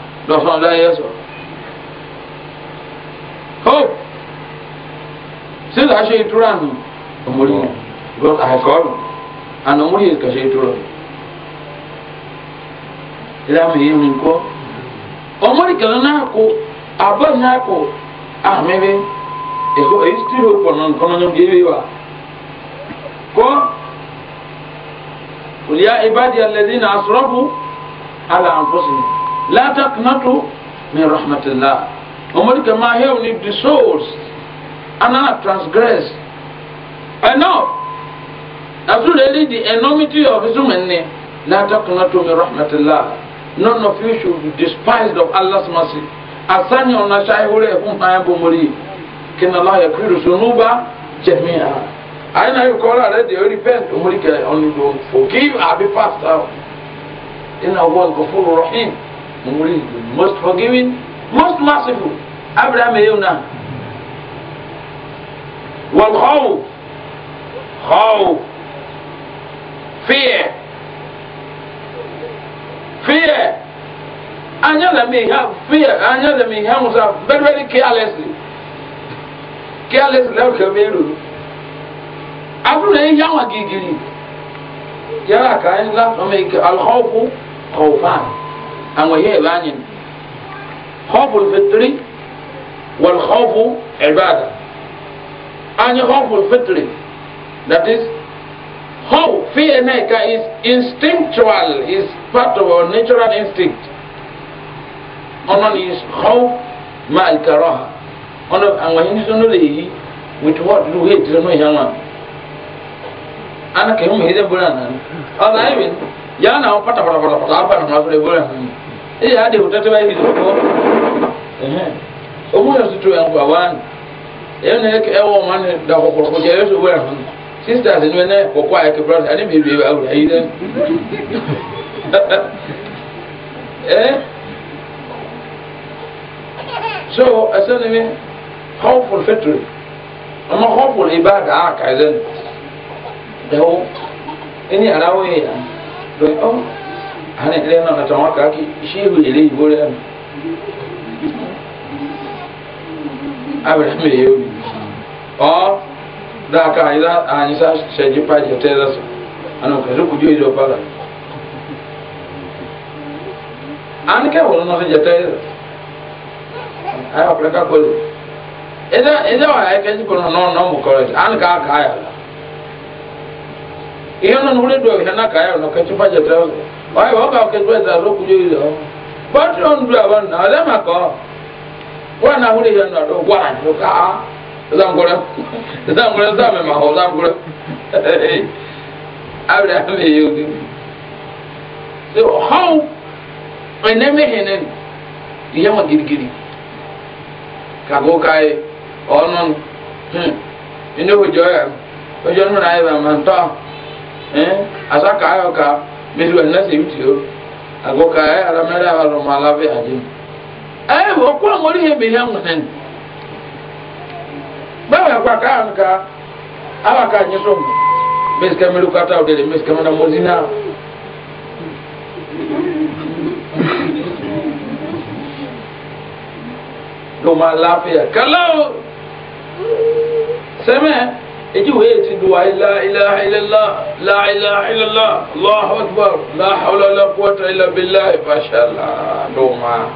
lọ́sàn-án láyé sọ. ó sílẹ̀ aṣọ ìtura nù ọmọdé wọn àkọọ́rù àná ọmọdé yẹn kàṣẹ ìtura. ìlànà yìí ń kọ́ ọmọdé kẹlẹ́ náà kó abọ́ náà kó àmì bẹ́ẹ̀ ẹ̀kọ́ èyí sítírì ó pọ̀ náà nǹkan náà ń gbé wa kọ́ olùyá ìbàdí alẹ́ dín náà sọ̀rọ̀ bù alà àǹfọ̀sìn la taqnatu min rahmatillah omori kama help ni the souls ana transgress enough after really the enormity of his humanity la taqnatu min rahmatillah none of you should be despised of Allah's mercy asani ona shai hore fun fa bo mori kin Allah yakuru sunuba jami'a ayina you call her the repent omori ke only go forgive abi fast In inna world, al full rahim omuli most forgiving most merciful abraham eyo na wal khawf khawf fear fear anya that may have fear anya that may harm very very carelessly carelessly lẹ́wọ̀n kẹ́mi ẹ̀rọ abúlé yẹn yáwọn gírígírí yàrá kàá ẹ̀ ńlá ọmọ ìkẹ́ alhọ́kù kọ̀ọ̀fáàní àwọn ẹ̀yẹ ìlú ànyìn họ́ọ̀bùl fitiri wọ́n họ́ọ̀bù ẹ̀bàdà ànyìn họ́ọ̀bùl fitiri that is how fear ẹ̀nẹ́ka is instinctual is part of our natural instinct ọ̀nà ni is how máa ìkàrọ̀ ha ọ̀nà àwọn ẹ̀yìn sọ́nà lè yí with what do hate sọ́nà ìyá wọn. anaka yi mu hidden bulan nan. Ọ̀la ẹ̀mí. ya na pata pata pata pata apa na wale bora eh hadi utatoa hivi huko eh omo ya situ yangu awan yeye ne ewo man da ko ko je yesu bora sisters ni ne ko ya ke brother ani mi bi au haide eh so asana me خوف الفطر اما خوف العباده عاك عايزين ده هو pé ọ́ hàn ìdílé náà nàtọ̀ wọn kà á kí ṣéèwì èlé ìbò rẹ̀ nù. abẹ̀rẹ̀ mi yẹ omi ọ́ dáka ìlà àyìnsá ṣẹ̀jú pàjẹ́ tẹ́lẹ̀ sọ àná kẹsàn-án kò jó ìjọ padà. àní kẹwọ́n ló náà ṣe jẹ tẹ́lẹ̀ ayọ̀ pẹ̀lú kakọ́lẹ̀ ẹ̀dá ẹ̀dá wà á kẹ́sìkò náà ihe nọ n'ụlọ edo ihe n'aka ya na kechi fa jebe ọzọ ọyị ọ ga kechi fa jebe ọkụ jebe ọzọ bọtụ ọ abụọ na ọdị maka ọ wọn na ahụrụ ihe nọ n'ụgbọ anyị ụka a zangwere zangwere zame ma ọ zangwere abịa ama ihe ozi so how enemeghe ne ihe nwa girigiri ka gụ ka anyị ọnụ ndị hmm, ụjọ ya ụjọ nụ na anyị bụ eh asa ka ayo ka mezu na se witio ka ay ara mera ha ro mala be ajin eh wo kwa ngori he be he ngonen ba ba kwa ka an ka ala ka nyi so mo mes ka meru kata o de mes ka na mozina do ma lafiya kalau seme اجي ويتي دعاء لا اله الا الله لا اله الا الله الله اكبر لا حول ولا قوه الا بالله ما شاء الله دوما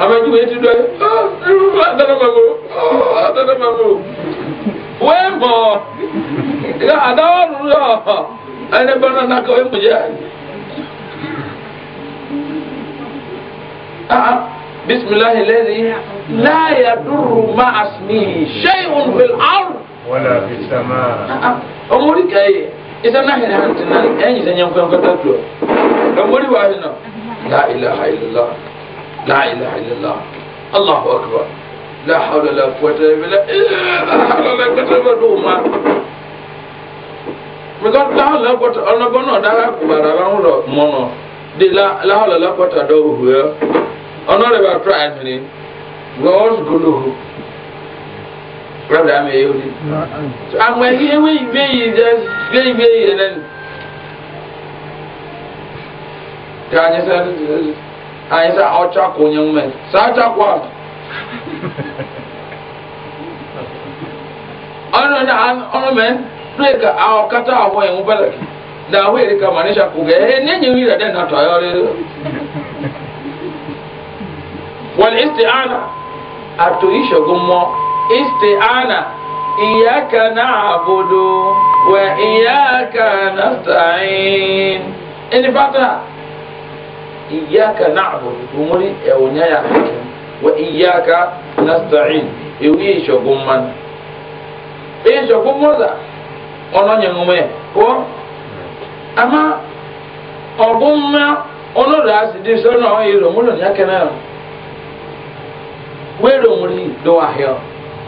اما اجي ويتي دعاء هذا ما مامو هذا ما مامو وين ما لا ادار انا بنا نكوي مجاهد بسم الله الذي لا يضر مع اسمه شيء في الارض wala fi sama. omori ka ye isa na hɛrɛ hɛrɛ tena ni ɛn yisa nyɛ nkɔnkɔ ta tulo omori waa hinɔ la ilaha illallah la ilaha illallah allahu akbar la hawla la quwwata illa billah eh, la hawla la quwwata illa billah mika la hawla la quwwata ɔnɔ bɔnɔ daga kubara ba ŋun lɔ mɔnɔ de la la hawla la quwwata dɔw huɛ ɔnɔ de b'a tura ayi mini gɔwɔsi kolo. brother ama eyi oni agba ihe enweghị ibe yi ibe ibe yi ene ka anyị sa anyị sa ọcha kwa onye nwe sa ọcha kwa ọnụ na ọnụ mee n'oge ka kata na ahụ rika manisha kwuga ee na-enye nri na tọọ ọrụ isti ana atụ ishogun mmụọ isti'ana iyyaka na'budu wa iyyaka nasta'in ini fata iyyaka na'budu umuri e onya ya wa iyyaka nasta'in e wi shogun man e shogun moza ono nyangume ko ama ọgbọn mma ọlọrọ asidi sọ náà ọyẹ rọmọlọ ní akẹnẹ rẹ wẹẹrọ wọn rí lọwọ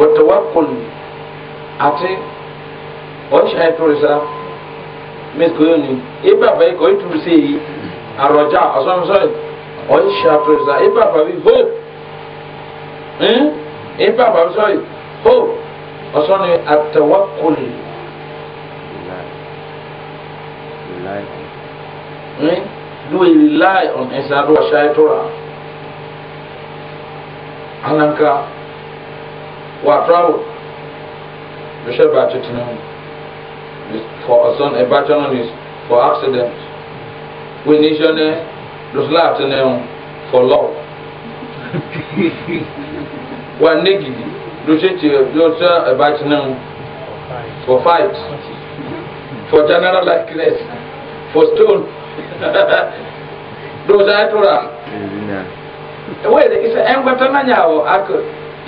wọtawakọlù àti ọ̀ṣà ìtòrìṣà mẹsìkòyóni ìbàbà ikọ̀ ìtòrìṣà yìí àròjà ọ̀sánṣọ́ì ọ̀ṣà ìtòrìṣà ìbàbà bíi hó ìbàbà sọ́ì hó ọ̀sánì àtẹwakọlù. Do we rely on Esadu Ashaitora? Ananka wafrawo bishɛ baakye tena mu for ɔsɔn ɛbaakye no is for accident winihyɛ ne dosila atena mu for love wa negidi dosɛ tie dosɛ ɛbaakye no mu for fight for general likeness for stone dosɛ atura ɛwɛ ɛsɛ ɛngbɛtɔ nanya wɔ akɔ.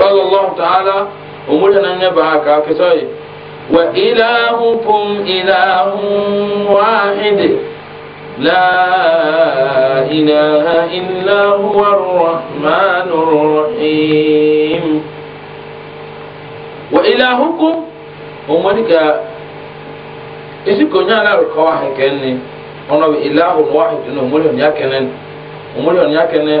قال الله تعالى ومولنا نبعك كتاي وإلهكم إله واحد لا إله إلا هو الرحمن الرحيم وإلهكم ومولك isiko nyala ko wa hekenne ono ilahu wahid no mulyon yakenen mulyon yakenen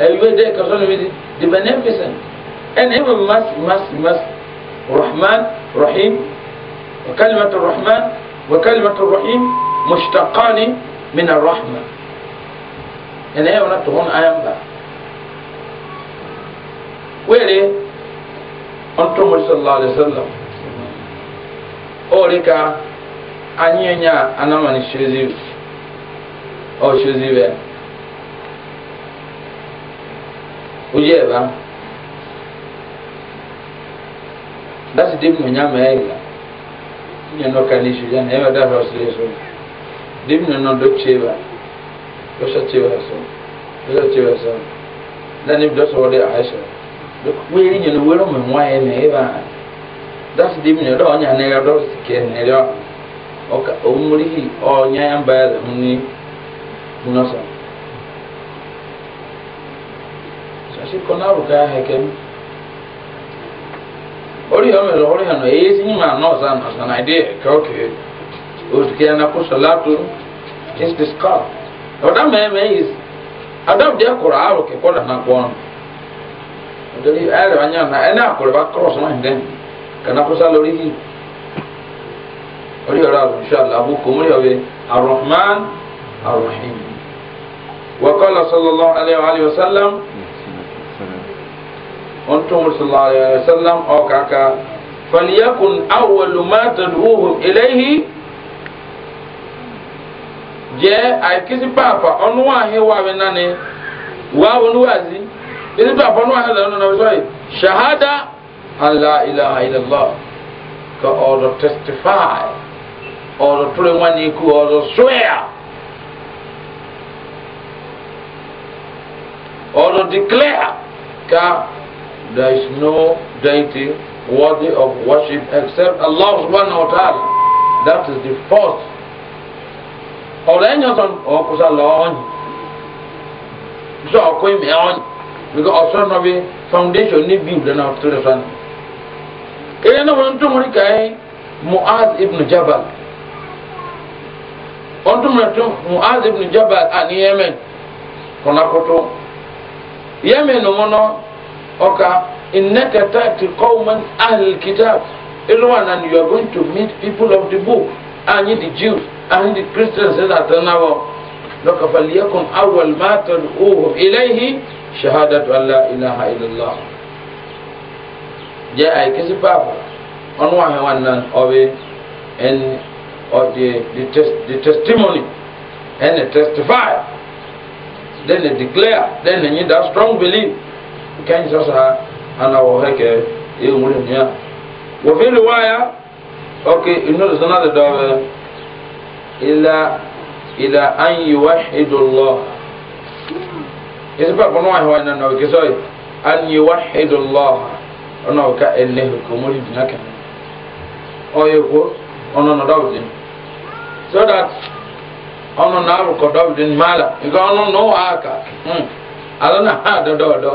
الوي ده كسر الوي دي بنفسن ان هم مس مس مس رحمن رحيم وكلمة الرحمن وكلمة الرحيم مشتقان من الرحمة أنا هي هنا تكون آيام بقى ويلي أنتم صلى الله عليه وسلم أولئك أنينيا أنا من شريزيو أو شريزيو oye ba dasi di mu nyama ya ila ya no ka ya na da ba sile so di mu do cheba cheba so do cheba so da ni do aisha do ku wero dasi di mu do nya do ke ka ya ba asi kɔnɔ awo kaa hɛkɛm ori hɛn mi ɔri hɛn eye si nyi ma nɔɔsa nasana ɛdi ɛkɛ ɔkɛ osike ɛna ko sɔlaatu istisqa ɔda mɛmɛ is adam deɛ kɔrɔ awo kɛ kɔda na kpɔn ɔdɔli ayɛlɛ wa nyana ɛna akɔrɔ ba kɔrɔs ma hɛn kana ko sa lori hi ori hɛn awo inshallah abo komori ɔbɛ arahman arahim wakɔla sɔlɔlɔ alayhi wa sallam. أنتم صلى الله عليه وسلم أو كاكا فليكن أول ما تدعوهم إليه jẹ́ àìkísí pàápà ọ̀nù àhín wà mí nání wà oníwàzí kísí pàápà ọ̀nù àhín lẹ́nu náà sọ́yìn ṣahada aláìlà àìlẹ́lọ́ kọ ọ̀dọ̀ testify ọ̀dọ̀ tó lè wọ́n ní ikú ọ̀dọ̀ swear ọ̀dọ̀ declare ká there is no deity worthy of worship except Allah subhanahu wa ta'ala. That is the first. Ọ̀rẹ́ yẹn sọ ọkùnrin àlọ́ ọ̀hún. Sọ ọkùnrin mi ọ̀hún. Because ọ̀sán náà bí foundation ní build náà tó lè sọ ni. Èyí náà wọ́n tún mú ní Mu'az ibn Jabal. Wọ́n tún mú Mu'az ibn Jabal à ní Yemen. Kọ̀nà kótó. Yemen ni wọ́n náà oka innaka tati qauman ahlul kitab everyone and you are going to meet people of the book and the Jews and the Christians that are now لك فليكن أول ما تدعوهم إليه شهادة أن لا إله إلا الله جاء كسي بابا أنواع وانا أبي and of the, the, test, the testimony and they testify then they declare then they need a strong belief kan sasa ana wo heke e umuri nya wa fi riwaya okay inna sanada da ila ila an yuwahhidu Allah isba kono wa hawa na no kisoy an yuwahhidu Allah ona ka elle ko muri naka oyo ko ona no dawdi so that ona na ko dawdi mala iga ona no aka hmm alana ha do do do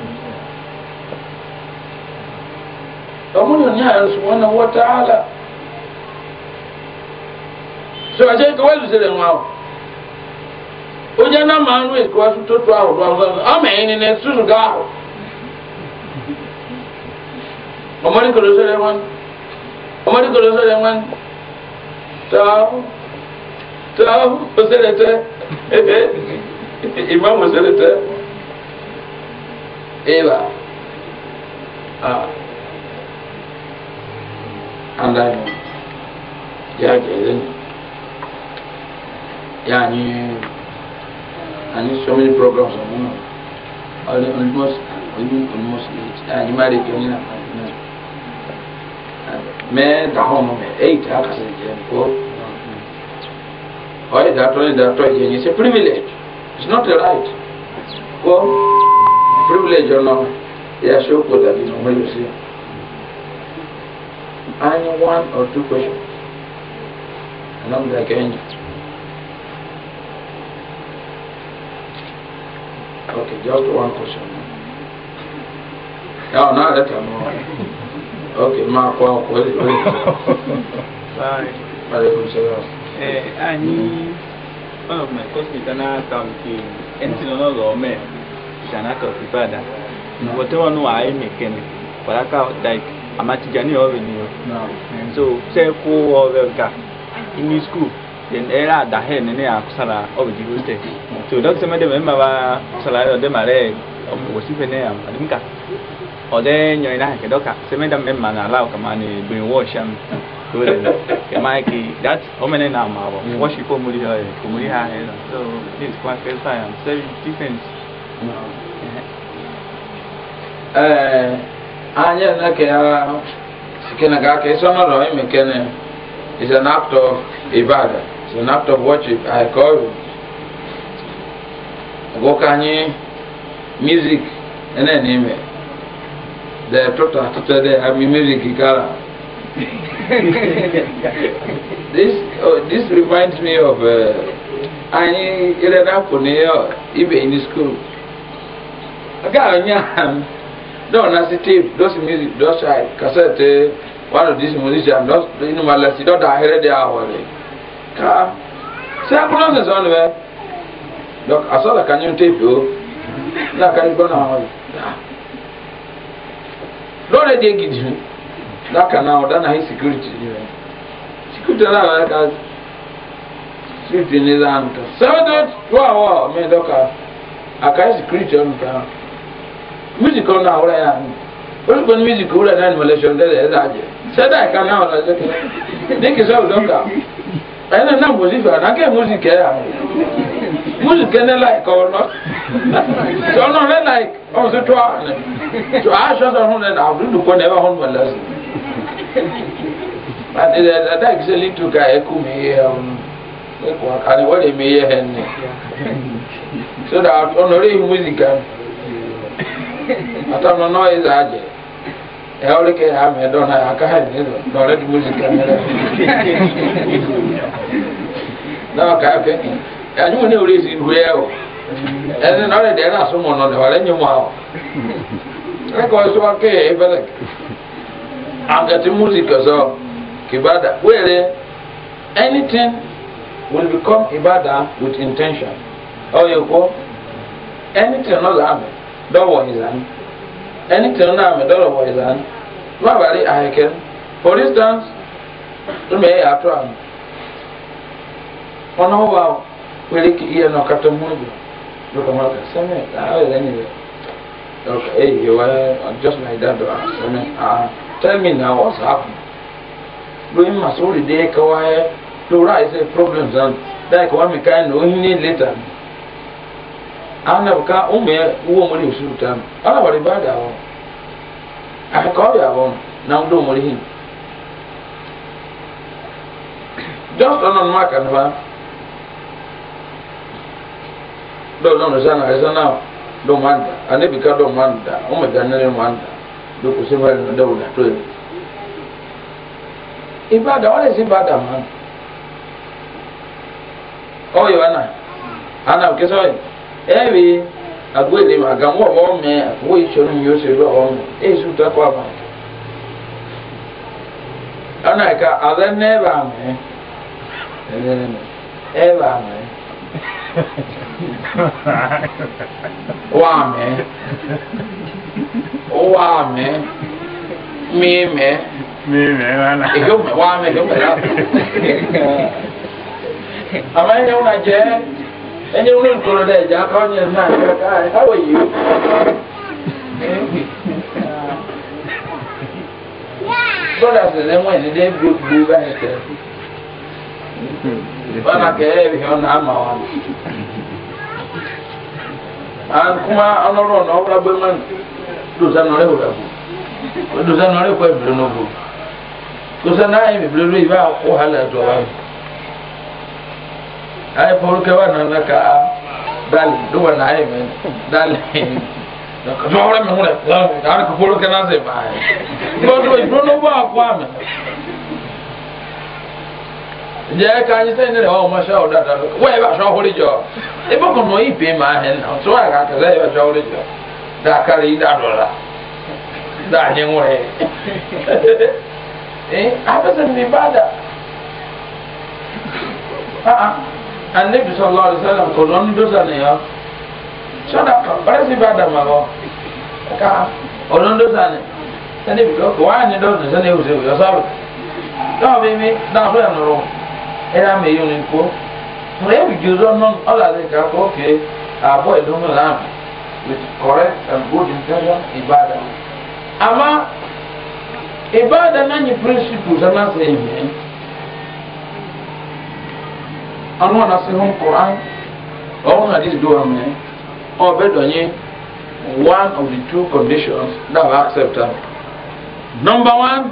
domin yin yaran su wannan so a jẹ́ kawai lùsẹ̀ rẹ̀ wọn o ó jẹ́ náà máa ń wé kí wọ́n tún tó tó àwòrán ọ̀sán ni nẹ́ẹ̀ tún ga o ọmọdé kò lọ́sẹ̀ rẹ̀ wọn ọmọdé sere lọ́sẹ̀ o sere ebe I need. I need so many programs on you know, almost almost i mari kuni na i da hono me eight aka se je ko oy da to i to je ni se privilege it's not a right ko privilege or no ya show ko da ni no me any one or two questions. And I'm like, any. Okay, just one question. Oh, not that I'm on. Okay, Mark, well, wait, wait. Sorry. Alaikum salam. Eh, any one of my questions can I come to anything another man? Shanaka Kibada. Whatever no I make him. But I can't like ama Tijani ọrụ n'iyo so sị kwụ ọrụ ka inu skuul then ɛyɛ ada hɛ ne ne akusala di hostel so dɔkita mɛ dɛmɛ mɛ ba kusala yɛ ɔdɛ ma dɛ wɔsi fɛ ne yam adim ka ɔdɛ nyɔɛ na hɛkɛ dɔka sɛmɛ dɛm mɛ ma na ala kama ne brain wash am wele kɛmɛ ayike that ɔmɛ ne na ma bɔ wɔsi fɔ omori hɛ omori ha hɛ so this kwan fɛ sa yam sɛ difference. ɛɛ. anya na ke sikena ga ke so no roi me kene is an act of ibada is an act of worship i call it go kanye music ene ne me the total total the ami music kala this oh, this reminds me of uh, anyị ire na-apụ ibe in school aga onye dɔw na se tape dɔw si music dɔw si uh, cassette uh, one of these musicians dɔw inu ma lɛsi dɔw da ahere de awɔle ka se akɔnɔ sɛnsɛn wɔn bɛ dɔk asɔla ka tape o na ka nyɔn gbɔna wɔn dɔw de den gidi na ka na ɔda na ye security ni security na yɛrɛ ka security ni zan ka sɛbɛn dɔ wa wɔ mi dɔ ka a ka ye security ɔnu kan. music ọ na ọrẹ ya olùkọ́ ní music wúlẹ̀ náà ní malaysia ọ̀dẹ́dẹ̀ ẹ̀dá jẹ sẹ́dá ẹ̀ka náà ọ̀rọ̀ ẹ̀dẹ́ ní kì í sọ̀rọ̀ dọ́kà ẹ̀yìn náà náà music ẹ̀ náà kẹ́ music ẹ̀ yà um, music ẹ̀ náà like ọ̀nà ọ̀nà rẹ̀ like ọ̀n sì tó àná tó aṣọ sọ̀rọ̀ hún rẹ̀ náà olùkọ́ náà ẹ̀ bá hún gị àti ẹ̀dá ìkísẹ́ lítú ká ẹ̀kú ya yẹ ẹ̀kú àkàlẹ̀ wọ́n lè mi yẹ ẹ̀ ní so that ọ̀nà rẹ̀ music ẹ̀ ata no no is aje e ori ke ha me dona aka ha ni do do red music camera na ka pe anyu ne ori si we o ene no re de na so mo no de wale nyu ma o e ko so ke e bele aka ti music so kibada were eh, anything will become ibada with intention oh you go anything no la me dɔwɔ hizan ɛni tɛnu naa mi dɔwɔ wɔ hizan ma bari ahekɛn for instance mɛ yɛ ato am ɔnɔ wa wele ki iye nɔ kata murugu lɔkɔ ma ka sɛmɛ aa yɛrɛ ni yɛ lɔkɔ e yi wɛ just like that dɔ ah sɛmɛ ah tell me now what's happen lóyún masu wòle de kawa yɛ lóra ayé sɛ problems and like one mi ka yɛ na oyin ne later. ana ka ume uwo muri usuru tam ala bari bada wo akako ya wo na ndo muri hin just onon maka nwa do non sana sana do manda ane bi ka do manda o me ga nene manda do ko se ba na do na to ibada wale si ibada man oyo ana ana ukesoye okay, ebi agwele e ma gamu ọwọ mẹ wo ìṣòro yóò ṣe lọ ọwọ mẹ èyí sùn na kọ àbá ọ̀nà ìka àlẹ́ ní ẹ̀bà mẹ ẹ̀bà mẹ wà mẹ wà mẹ mí mẹ mí mee wà mẹ wà mẹ wà ẹni wọn ntoro dẹ ẹja ká ọnyẹ nná ẹ how are you. brothers ẹ lẹ́wọ̀n ẹni dẹ́ na gbogbo báyìí tẹ wọn akẹ́yẹ ẹ̀ hìọ́ náà ama wọn. ankuma ọlọ́rọ̀ ọ̀nà ọ̀wúrọ̀ abẹ́mọ̀ dùsẹ̀ nọ̀rẹ́ wò lẹ́wọ̀ dùsẹ̀ nọ̀rẹ́ kọ́ ẹ̀bìrì n'ogbò ai porke wannan n'aka ka dali duwa na ai men dali da ka zuwa mai mura da har ka na sai ba ba to ibo no ba kwa me je ka ni sai ne da wa masha Allah da wai ba sha hori jo e ba yi ma na so ka ba da da da anabi sọlọ ọdún sẹlẹm kò lọ ní dọ́sà nìyọ sọdọ ọrẹ sì bá dàmà wọ ká ọdún ní dọ́sà ni sani bi kọ wàá ní dọ́sà sani ewu sẹwu yọ sọrọ dọ́wọ́ bí mi dáhùn fún ẹ̀nùrọ̀ ẹ̀ yà mí yóò ní kó ọ̀rẹ́ ewu jù sọ nọ ọ̀làdì ká kó ké àbọ̀ ìdúnnú náà with correct and good intention ìbàdà àmà ìbàdà náà ní principles ẹ̀ náà sẹ́yìn mẹ́rin anu wana se hon Quran ọwọ́n hadith do wa mẹ́ ọbẹ̀ dọ̀nyẹ one of the two conditions that were accepted number one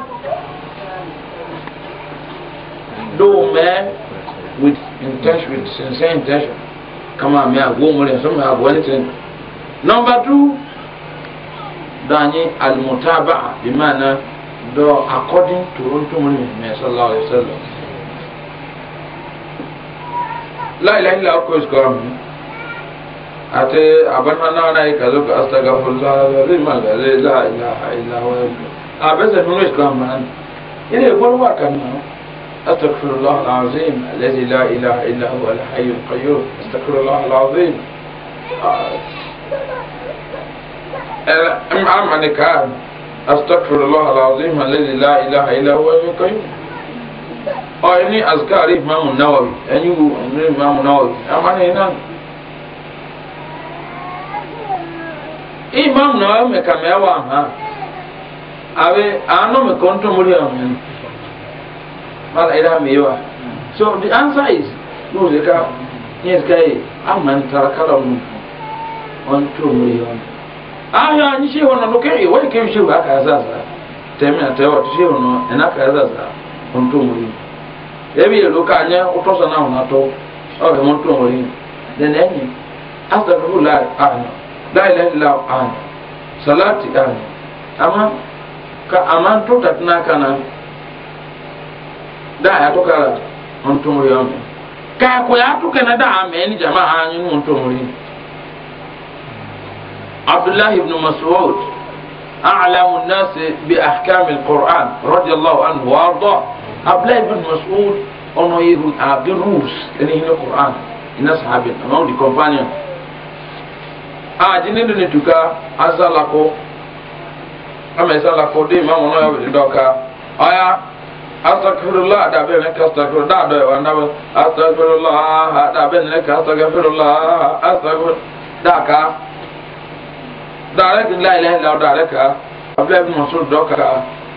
do mẹ́ with intention with sincere intention kama mẹ́ àgbo mọ́lẹ̀ sọ mẹ́ àgbo anything number two almutaba alimutaba bimana dọ̀ according to rontumuni mẹ́ sallallahu alayhi wa sallam. لا إله إلا الله كويس أتى أبن هنا أنا أستغفر الله العظيم لا إله إلا الله أبدا يقول ما أستغفر الله العظيم الذي لا إله إلا هو الحي القيوم أستغفر الله العظيم أم أم أنا أستغفر الله العظيم الذي لا إله إلا هو القيوم ọ ní azikari imamu nawawi ẹni wo ẹni imamu nawawi amani inan imamu nawawi mẹkàmẹwa ha abe ano mi kọntọ mu ria mu mala ira mi yiwa so the answer is no zika nye zika yi e, ama n tara kala mu wọn tó mu ria mu ahia anyi se wọn nọ kẹrin wọn kẹrin se wọn aka ẹ zaza tẹmí àtẹwọ ti se wọn nọ ẹ na aka ẹ zaza wọn tó mu ria ebi elu ka anya ụtọsa na ahụ na-atọ ọ bụ mọtụ onwere ya then enyi asafiru lai ahụ lai lai lai ahụ salati ahụ ama ka ama ntụ tatụ n'aka na daa ya tụkara ntụ onwere ya ka akụ ya atụka na daa jama ha anyị nụ ntụ onwere ya abdullahi ibn mas'ud أعلم الناس بأحكام القرآن رضي الله عنه وأرضاه abdullahi bin mas'ud ọ̀nà ihu abdul rus ẹni e hinna quran ina sahabin among the companion aji nínú tuka azalako ama ezalako dé ìmọ̀ àwọn ọ̀nà ìwé dọ́ka ọ̀ya asakirula adabe neka asakirula daadọ e, ẹ̀wà ndabe asakirula adabe neka asakirula asakirula daaka daadẹ kìí láyé mas'ud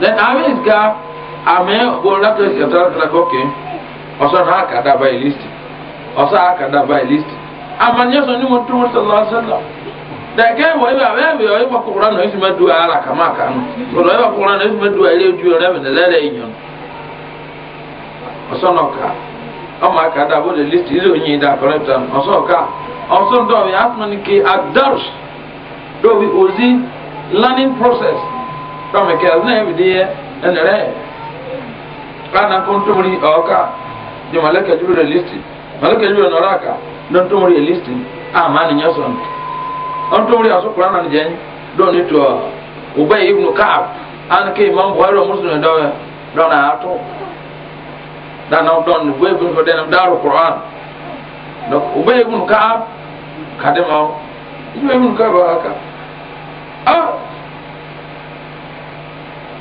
then always ga ame gbọdọ ga ṣe tó ṣe kọkẹ ọsọ náà kàdá báyìí list ọsọ náà kàdá báyìí list amanyẹsọ ni mo tó mo sọlọ sọlọ dẹkẹ wọ ibà bẹẹ bẹ ọ ibà kókòrò náà oṣù mẹdùú ara kàmá kànú ọdọ ibà kókòrò náà list ozi learning process. dɔmi kɛ ɛdini bi di yɛ ɛnɛrɛ yɛ ana ko ntomori ɔɔka malaka juru de listi malaka juru nɔra aka dɔ ntomori yɛ e listi a ah, ma ni nyɛ sɔn ntomori aso kura na ni jɛn ni yi ibnu kaab ana imam buhari dọọ dana daaru kur'an yi ibnu kaab ma ọ ibnu kaab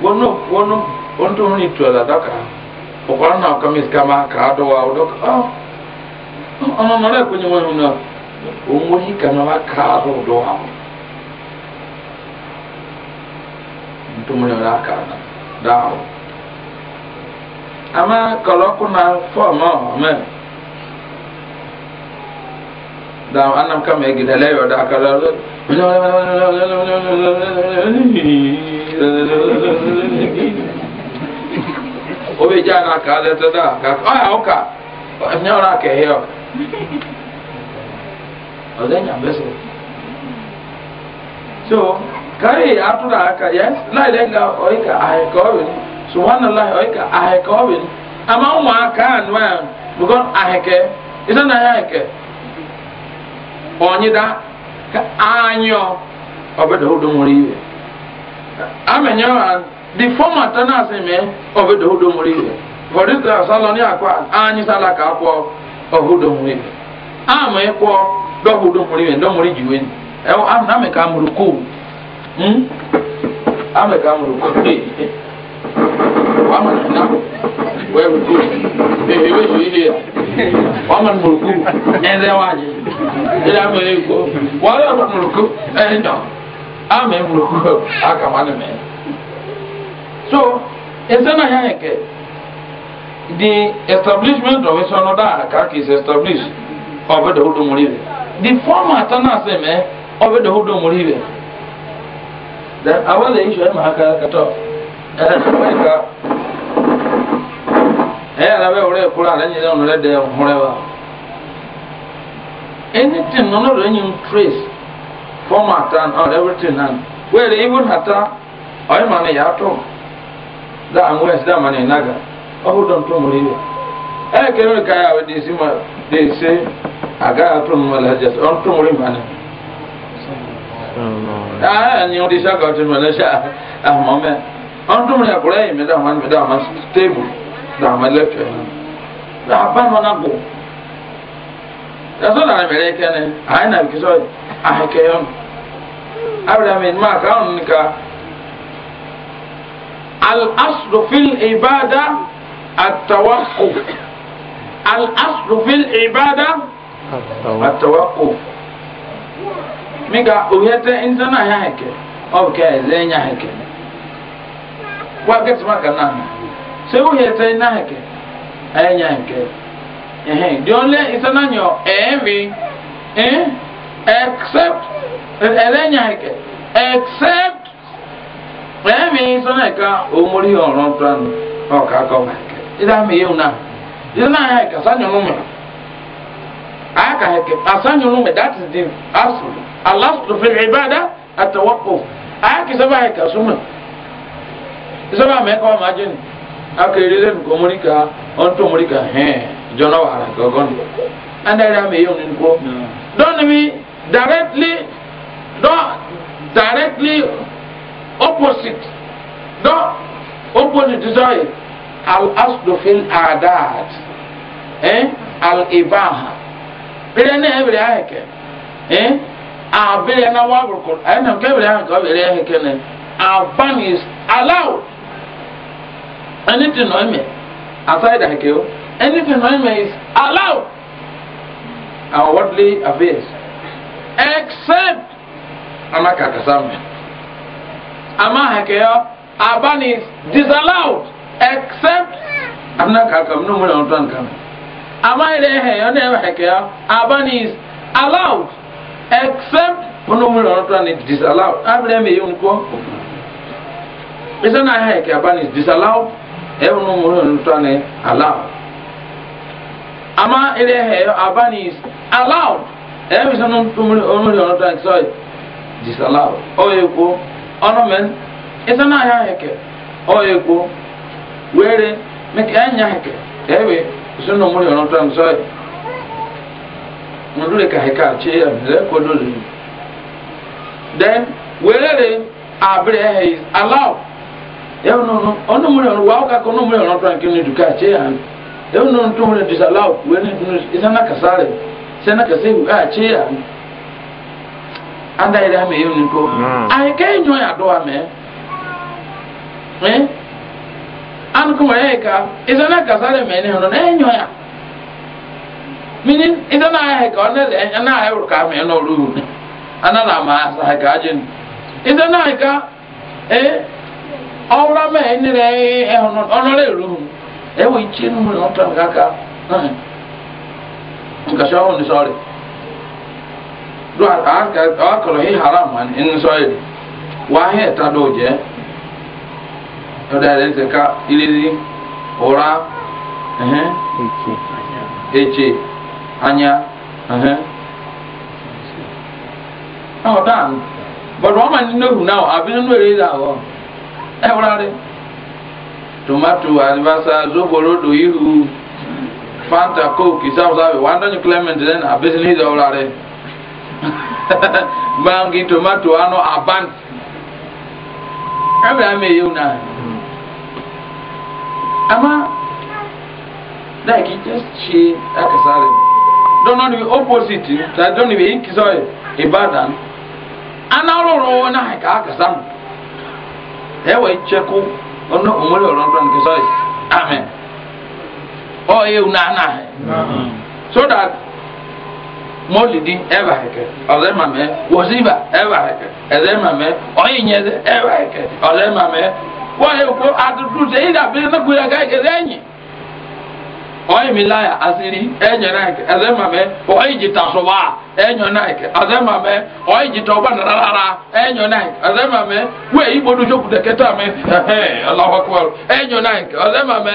wono wono onto ni tuala daka okora na kamis kama ka do wa do ah ono no le kunyi mo na omo hi kana wa ka do do wa onto mo na ka na dawo ama kalo kuna fomo me da anam kama egidale yo da kala obe ja na ka lẹtọ da ka ọ ya ọka ẹnyẹ ọra kẹhẹ ọ ọdẹ nya bẹsẹ so kari atura aka yes láì lẹ́yìn la ọ̀yí ka ahẹ̀kọ ọ̀bẹ ni sùwọ́n nàlá ọ̀yí ka ahẹ̀kọ ọ̀bẹ ni àmà ń wà ká ànú ẹ̀ bùkọ́ ahẹ̀kẹ ìtàn náà ahẹ̀kẹ ọ̀nyídá ka àányọ ọ̀bẹ dọ̀wọ́ dọ̀wọ́ rí ibẹ̀. amenya wa the format na asị mee obodo odo mụrụ ihe vọdịta asalọ ni akwa anyị sala ka akwọ obodo mụrụ ihe ama ịkwọ dọbodo mụrụ ihe wee ewu amụ hmm? na amịka ka kuu amịka mụrụ na wee ruku ebi e, wee ihe ya ama emulo kuba aka mane me so esana ya yake the establishment of eso no da ka ki is established obe de hudu muribe the format na se me obe de hudu muribe then awale issue ma aka kato eh, eh ka eh na be ore kula na nyi no le de horewa anything no no yin trace format and all everything and well even hata oyi mani ya to da an wes da mani naga ohu don to muri ne eh ke no ka ya we disi ma de se aga to mu la jas on to muri mani ah ni odi sha ka to mala sha ah mama on to muri akure me da man me da man stable da man left da ban mana go ẹsọ na mẹrẹ kẹne àyìn náà kí sọ àhẹkẹ abirami máa káwọn nìka al-asrofil ibada atawako al-asrofil ibada atawako mika òhìẹtẹ nsẹ ọ bụ hẹkẹ ọkẹ ẹzẹ yà hẹkẹ wà kẹsìmá kan náà sẹ òhìẹtẹ náà hẹkẹ the only isananyo evi eh, eh except elenya except evi eh, isanaka omori ọrọ plan ọka akọ ida mi yewu na ida na ya ka sanyo nume aka heke asanyo nume that is the asl al-asl fi al-ibada at-tawaqquf aka saba heke suma saba me ko majin aka irele ko mori ka on to mori ka he eh. jɔnɔ wàhálà gɔgɔn ɛnna yɛrɛ mi yɛn nínú kúrò dɔɔni mi directly dɔ directly opposite dɔ opposite sɔrɔ al asdofin adaad ɛn al ibaha bere ne yɛ bere ayɛ kɛ ɛn a bere na wa burukuru ɛn na kɛ bere ayɛ kɛ bere ayɛ kɛ ne a ban is allowed ɛni ti nɔ mɛ aside ayɛ kɛ o. Any phenomenon is allowed our worldly affairs except amakakasambe. Amahakeyo aban is disallowed except amakakam no more on kam. Amaheyo nevahekeyo aban is allowed except no more on is disallowed. Abreme yunko. Isn't I heke aban is disallowed? Everyone will not allowed. ama ile heyo abani is allowed ẹbi sọ ọmọdé ọmọdé ọmọdé disallowed ọyọ ekwo ọnọmẹn ẹsẹ náà ya hẹkẹ ọyọ ekwo wẹrẹ mẹkẹ ẹnya hẹkẹ ẹbi sọ ọmọdé ọmọdé ọmọdé sọ ọmọdé ka hẹkẹ then allowed don non tun da disallow wani dun isa na kasare sai na kasai a ce ya anda ida ko ai kai ya do ame eh an kuma ya ka isa na kasare me ne non nyo ya. minin isa na ya ka wannan da ana yayi ka me no ru ana na ma sa ka isa na ka eh ọwụrụ na ọnọrọ ẹwọ ìtí inú mi lọ́n tán kàkà nkàṣà ọ̀hún ní sọ́ọ̀rì do àkàrọ̀ yìí haram hàn ní sọ́ọ̀rì wàá ahịa ẹ̀ta dọ̀ Ọ ọ̀dà ẹ̀rẹ́ ti ká ìrírí ụra, eche, anya ọ̀dà bọ̀dọ̀ ọ̀ma nínú ehu náà àbí tomato alibasa zogoro do ihu fanta coke sáwùsáwì wà á clement then àbẹ́sẹ̀ ní ìdọ̀wọ́ra rẹ̀ bangi tomato ano aban ẹ̀mí àmì èyí wù náà àmà dáì kì í jẹ́ ṣe àkàsáré dọ́nà opposite that dọ́nà níbi ìkísọ́ ìbàdàn anáwó rọ̀ wọn náà kà á kàsá mu ono umuri oron plan ke soy amen o ye una na so that molidi eba heke ọzọ ma me wosiba eba heke ẹzọ ma me ọyẹ nye eba heke ọzọ ma me wọ́n yẹ kó àtúntò sẹ́yìn dàbí ẹ̀mẹ́kùnrin àgáyé ẹ̀rẹ́yìn. oyi milaya asiri enyo naike azemame oyi jitasuba enyo naike azemame oyi jitoba narara enyo naike azemame we ibodu jokudeketa me ehe allahu akbar enyo naike azemame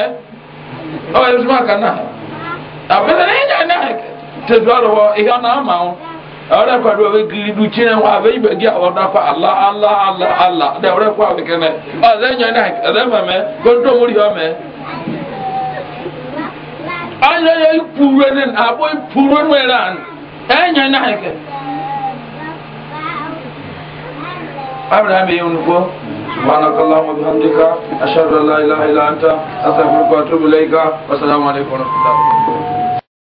oyi usuma kana abesere enyo naike tezuaro wo ihe na ama o awore kwa do giri du chine wa be ibe gi awada kwa allah allah allah allah de awore kwa be kene azenyo naike azemame gondo muri ome anya ya ipuruenen abo ipuruen weran enya na heke abraham yun ko سبحانك اللهم وبحمدك اشهد ان لا اله الا انت استغفرك واتوب اليك والسلام عليكم ورحمه الله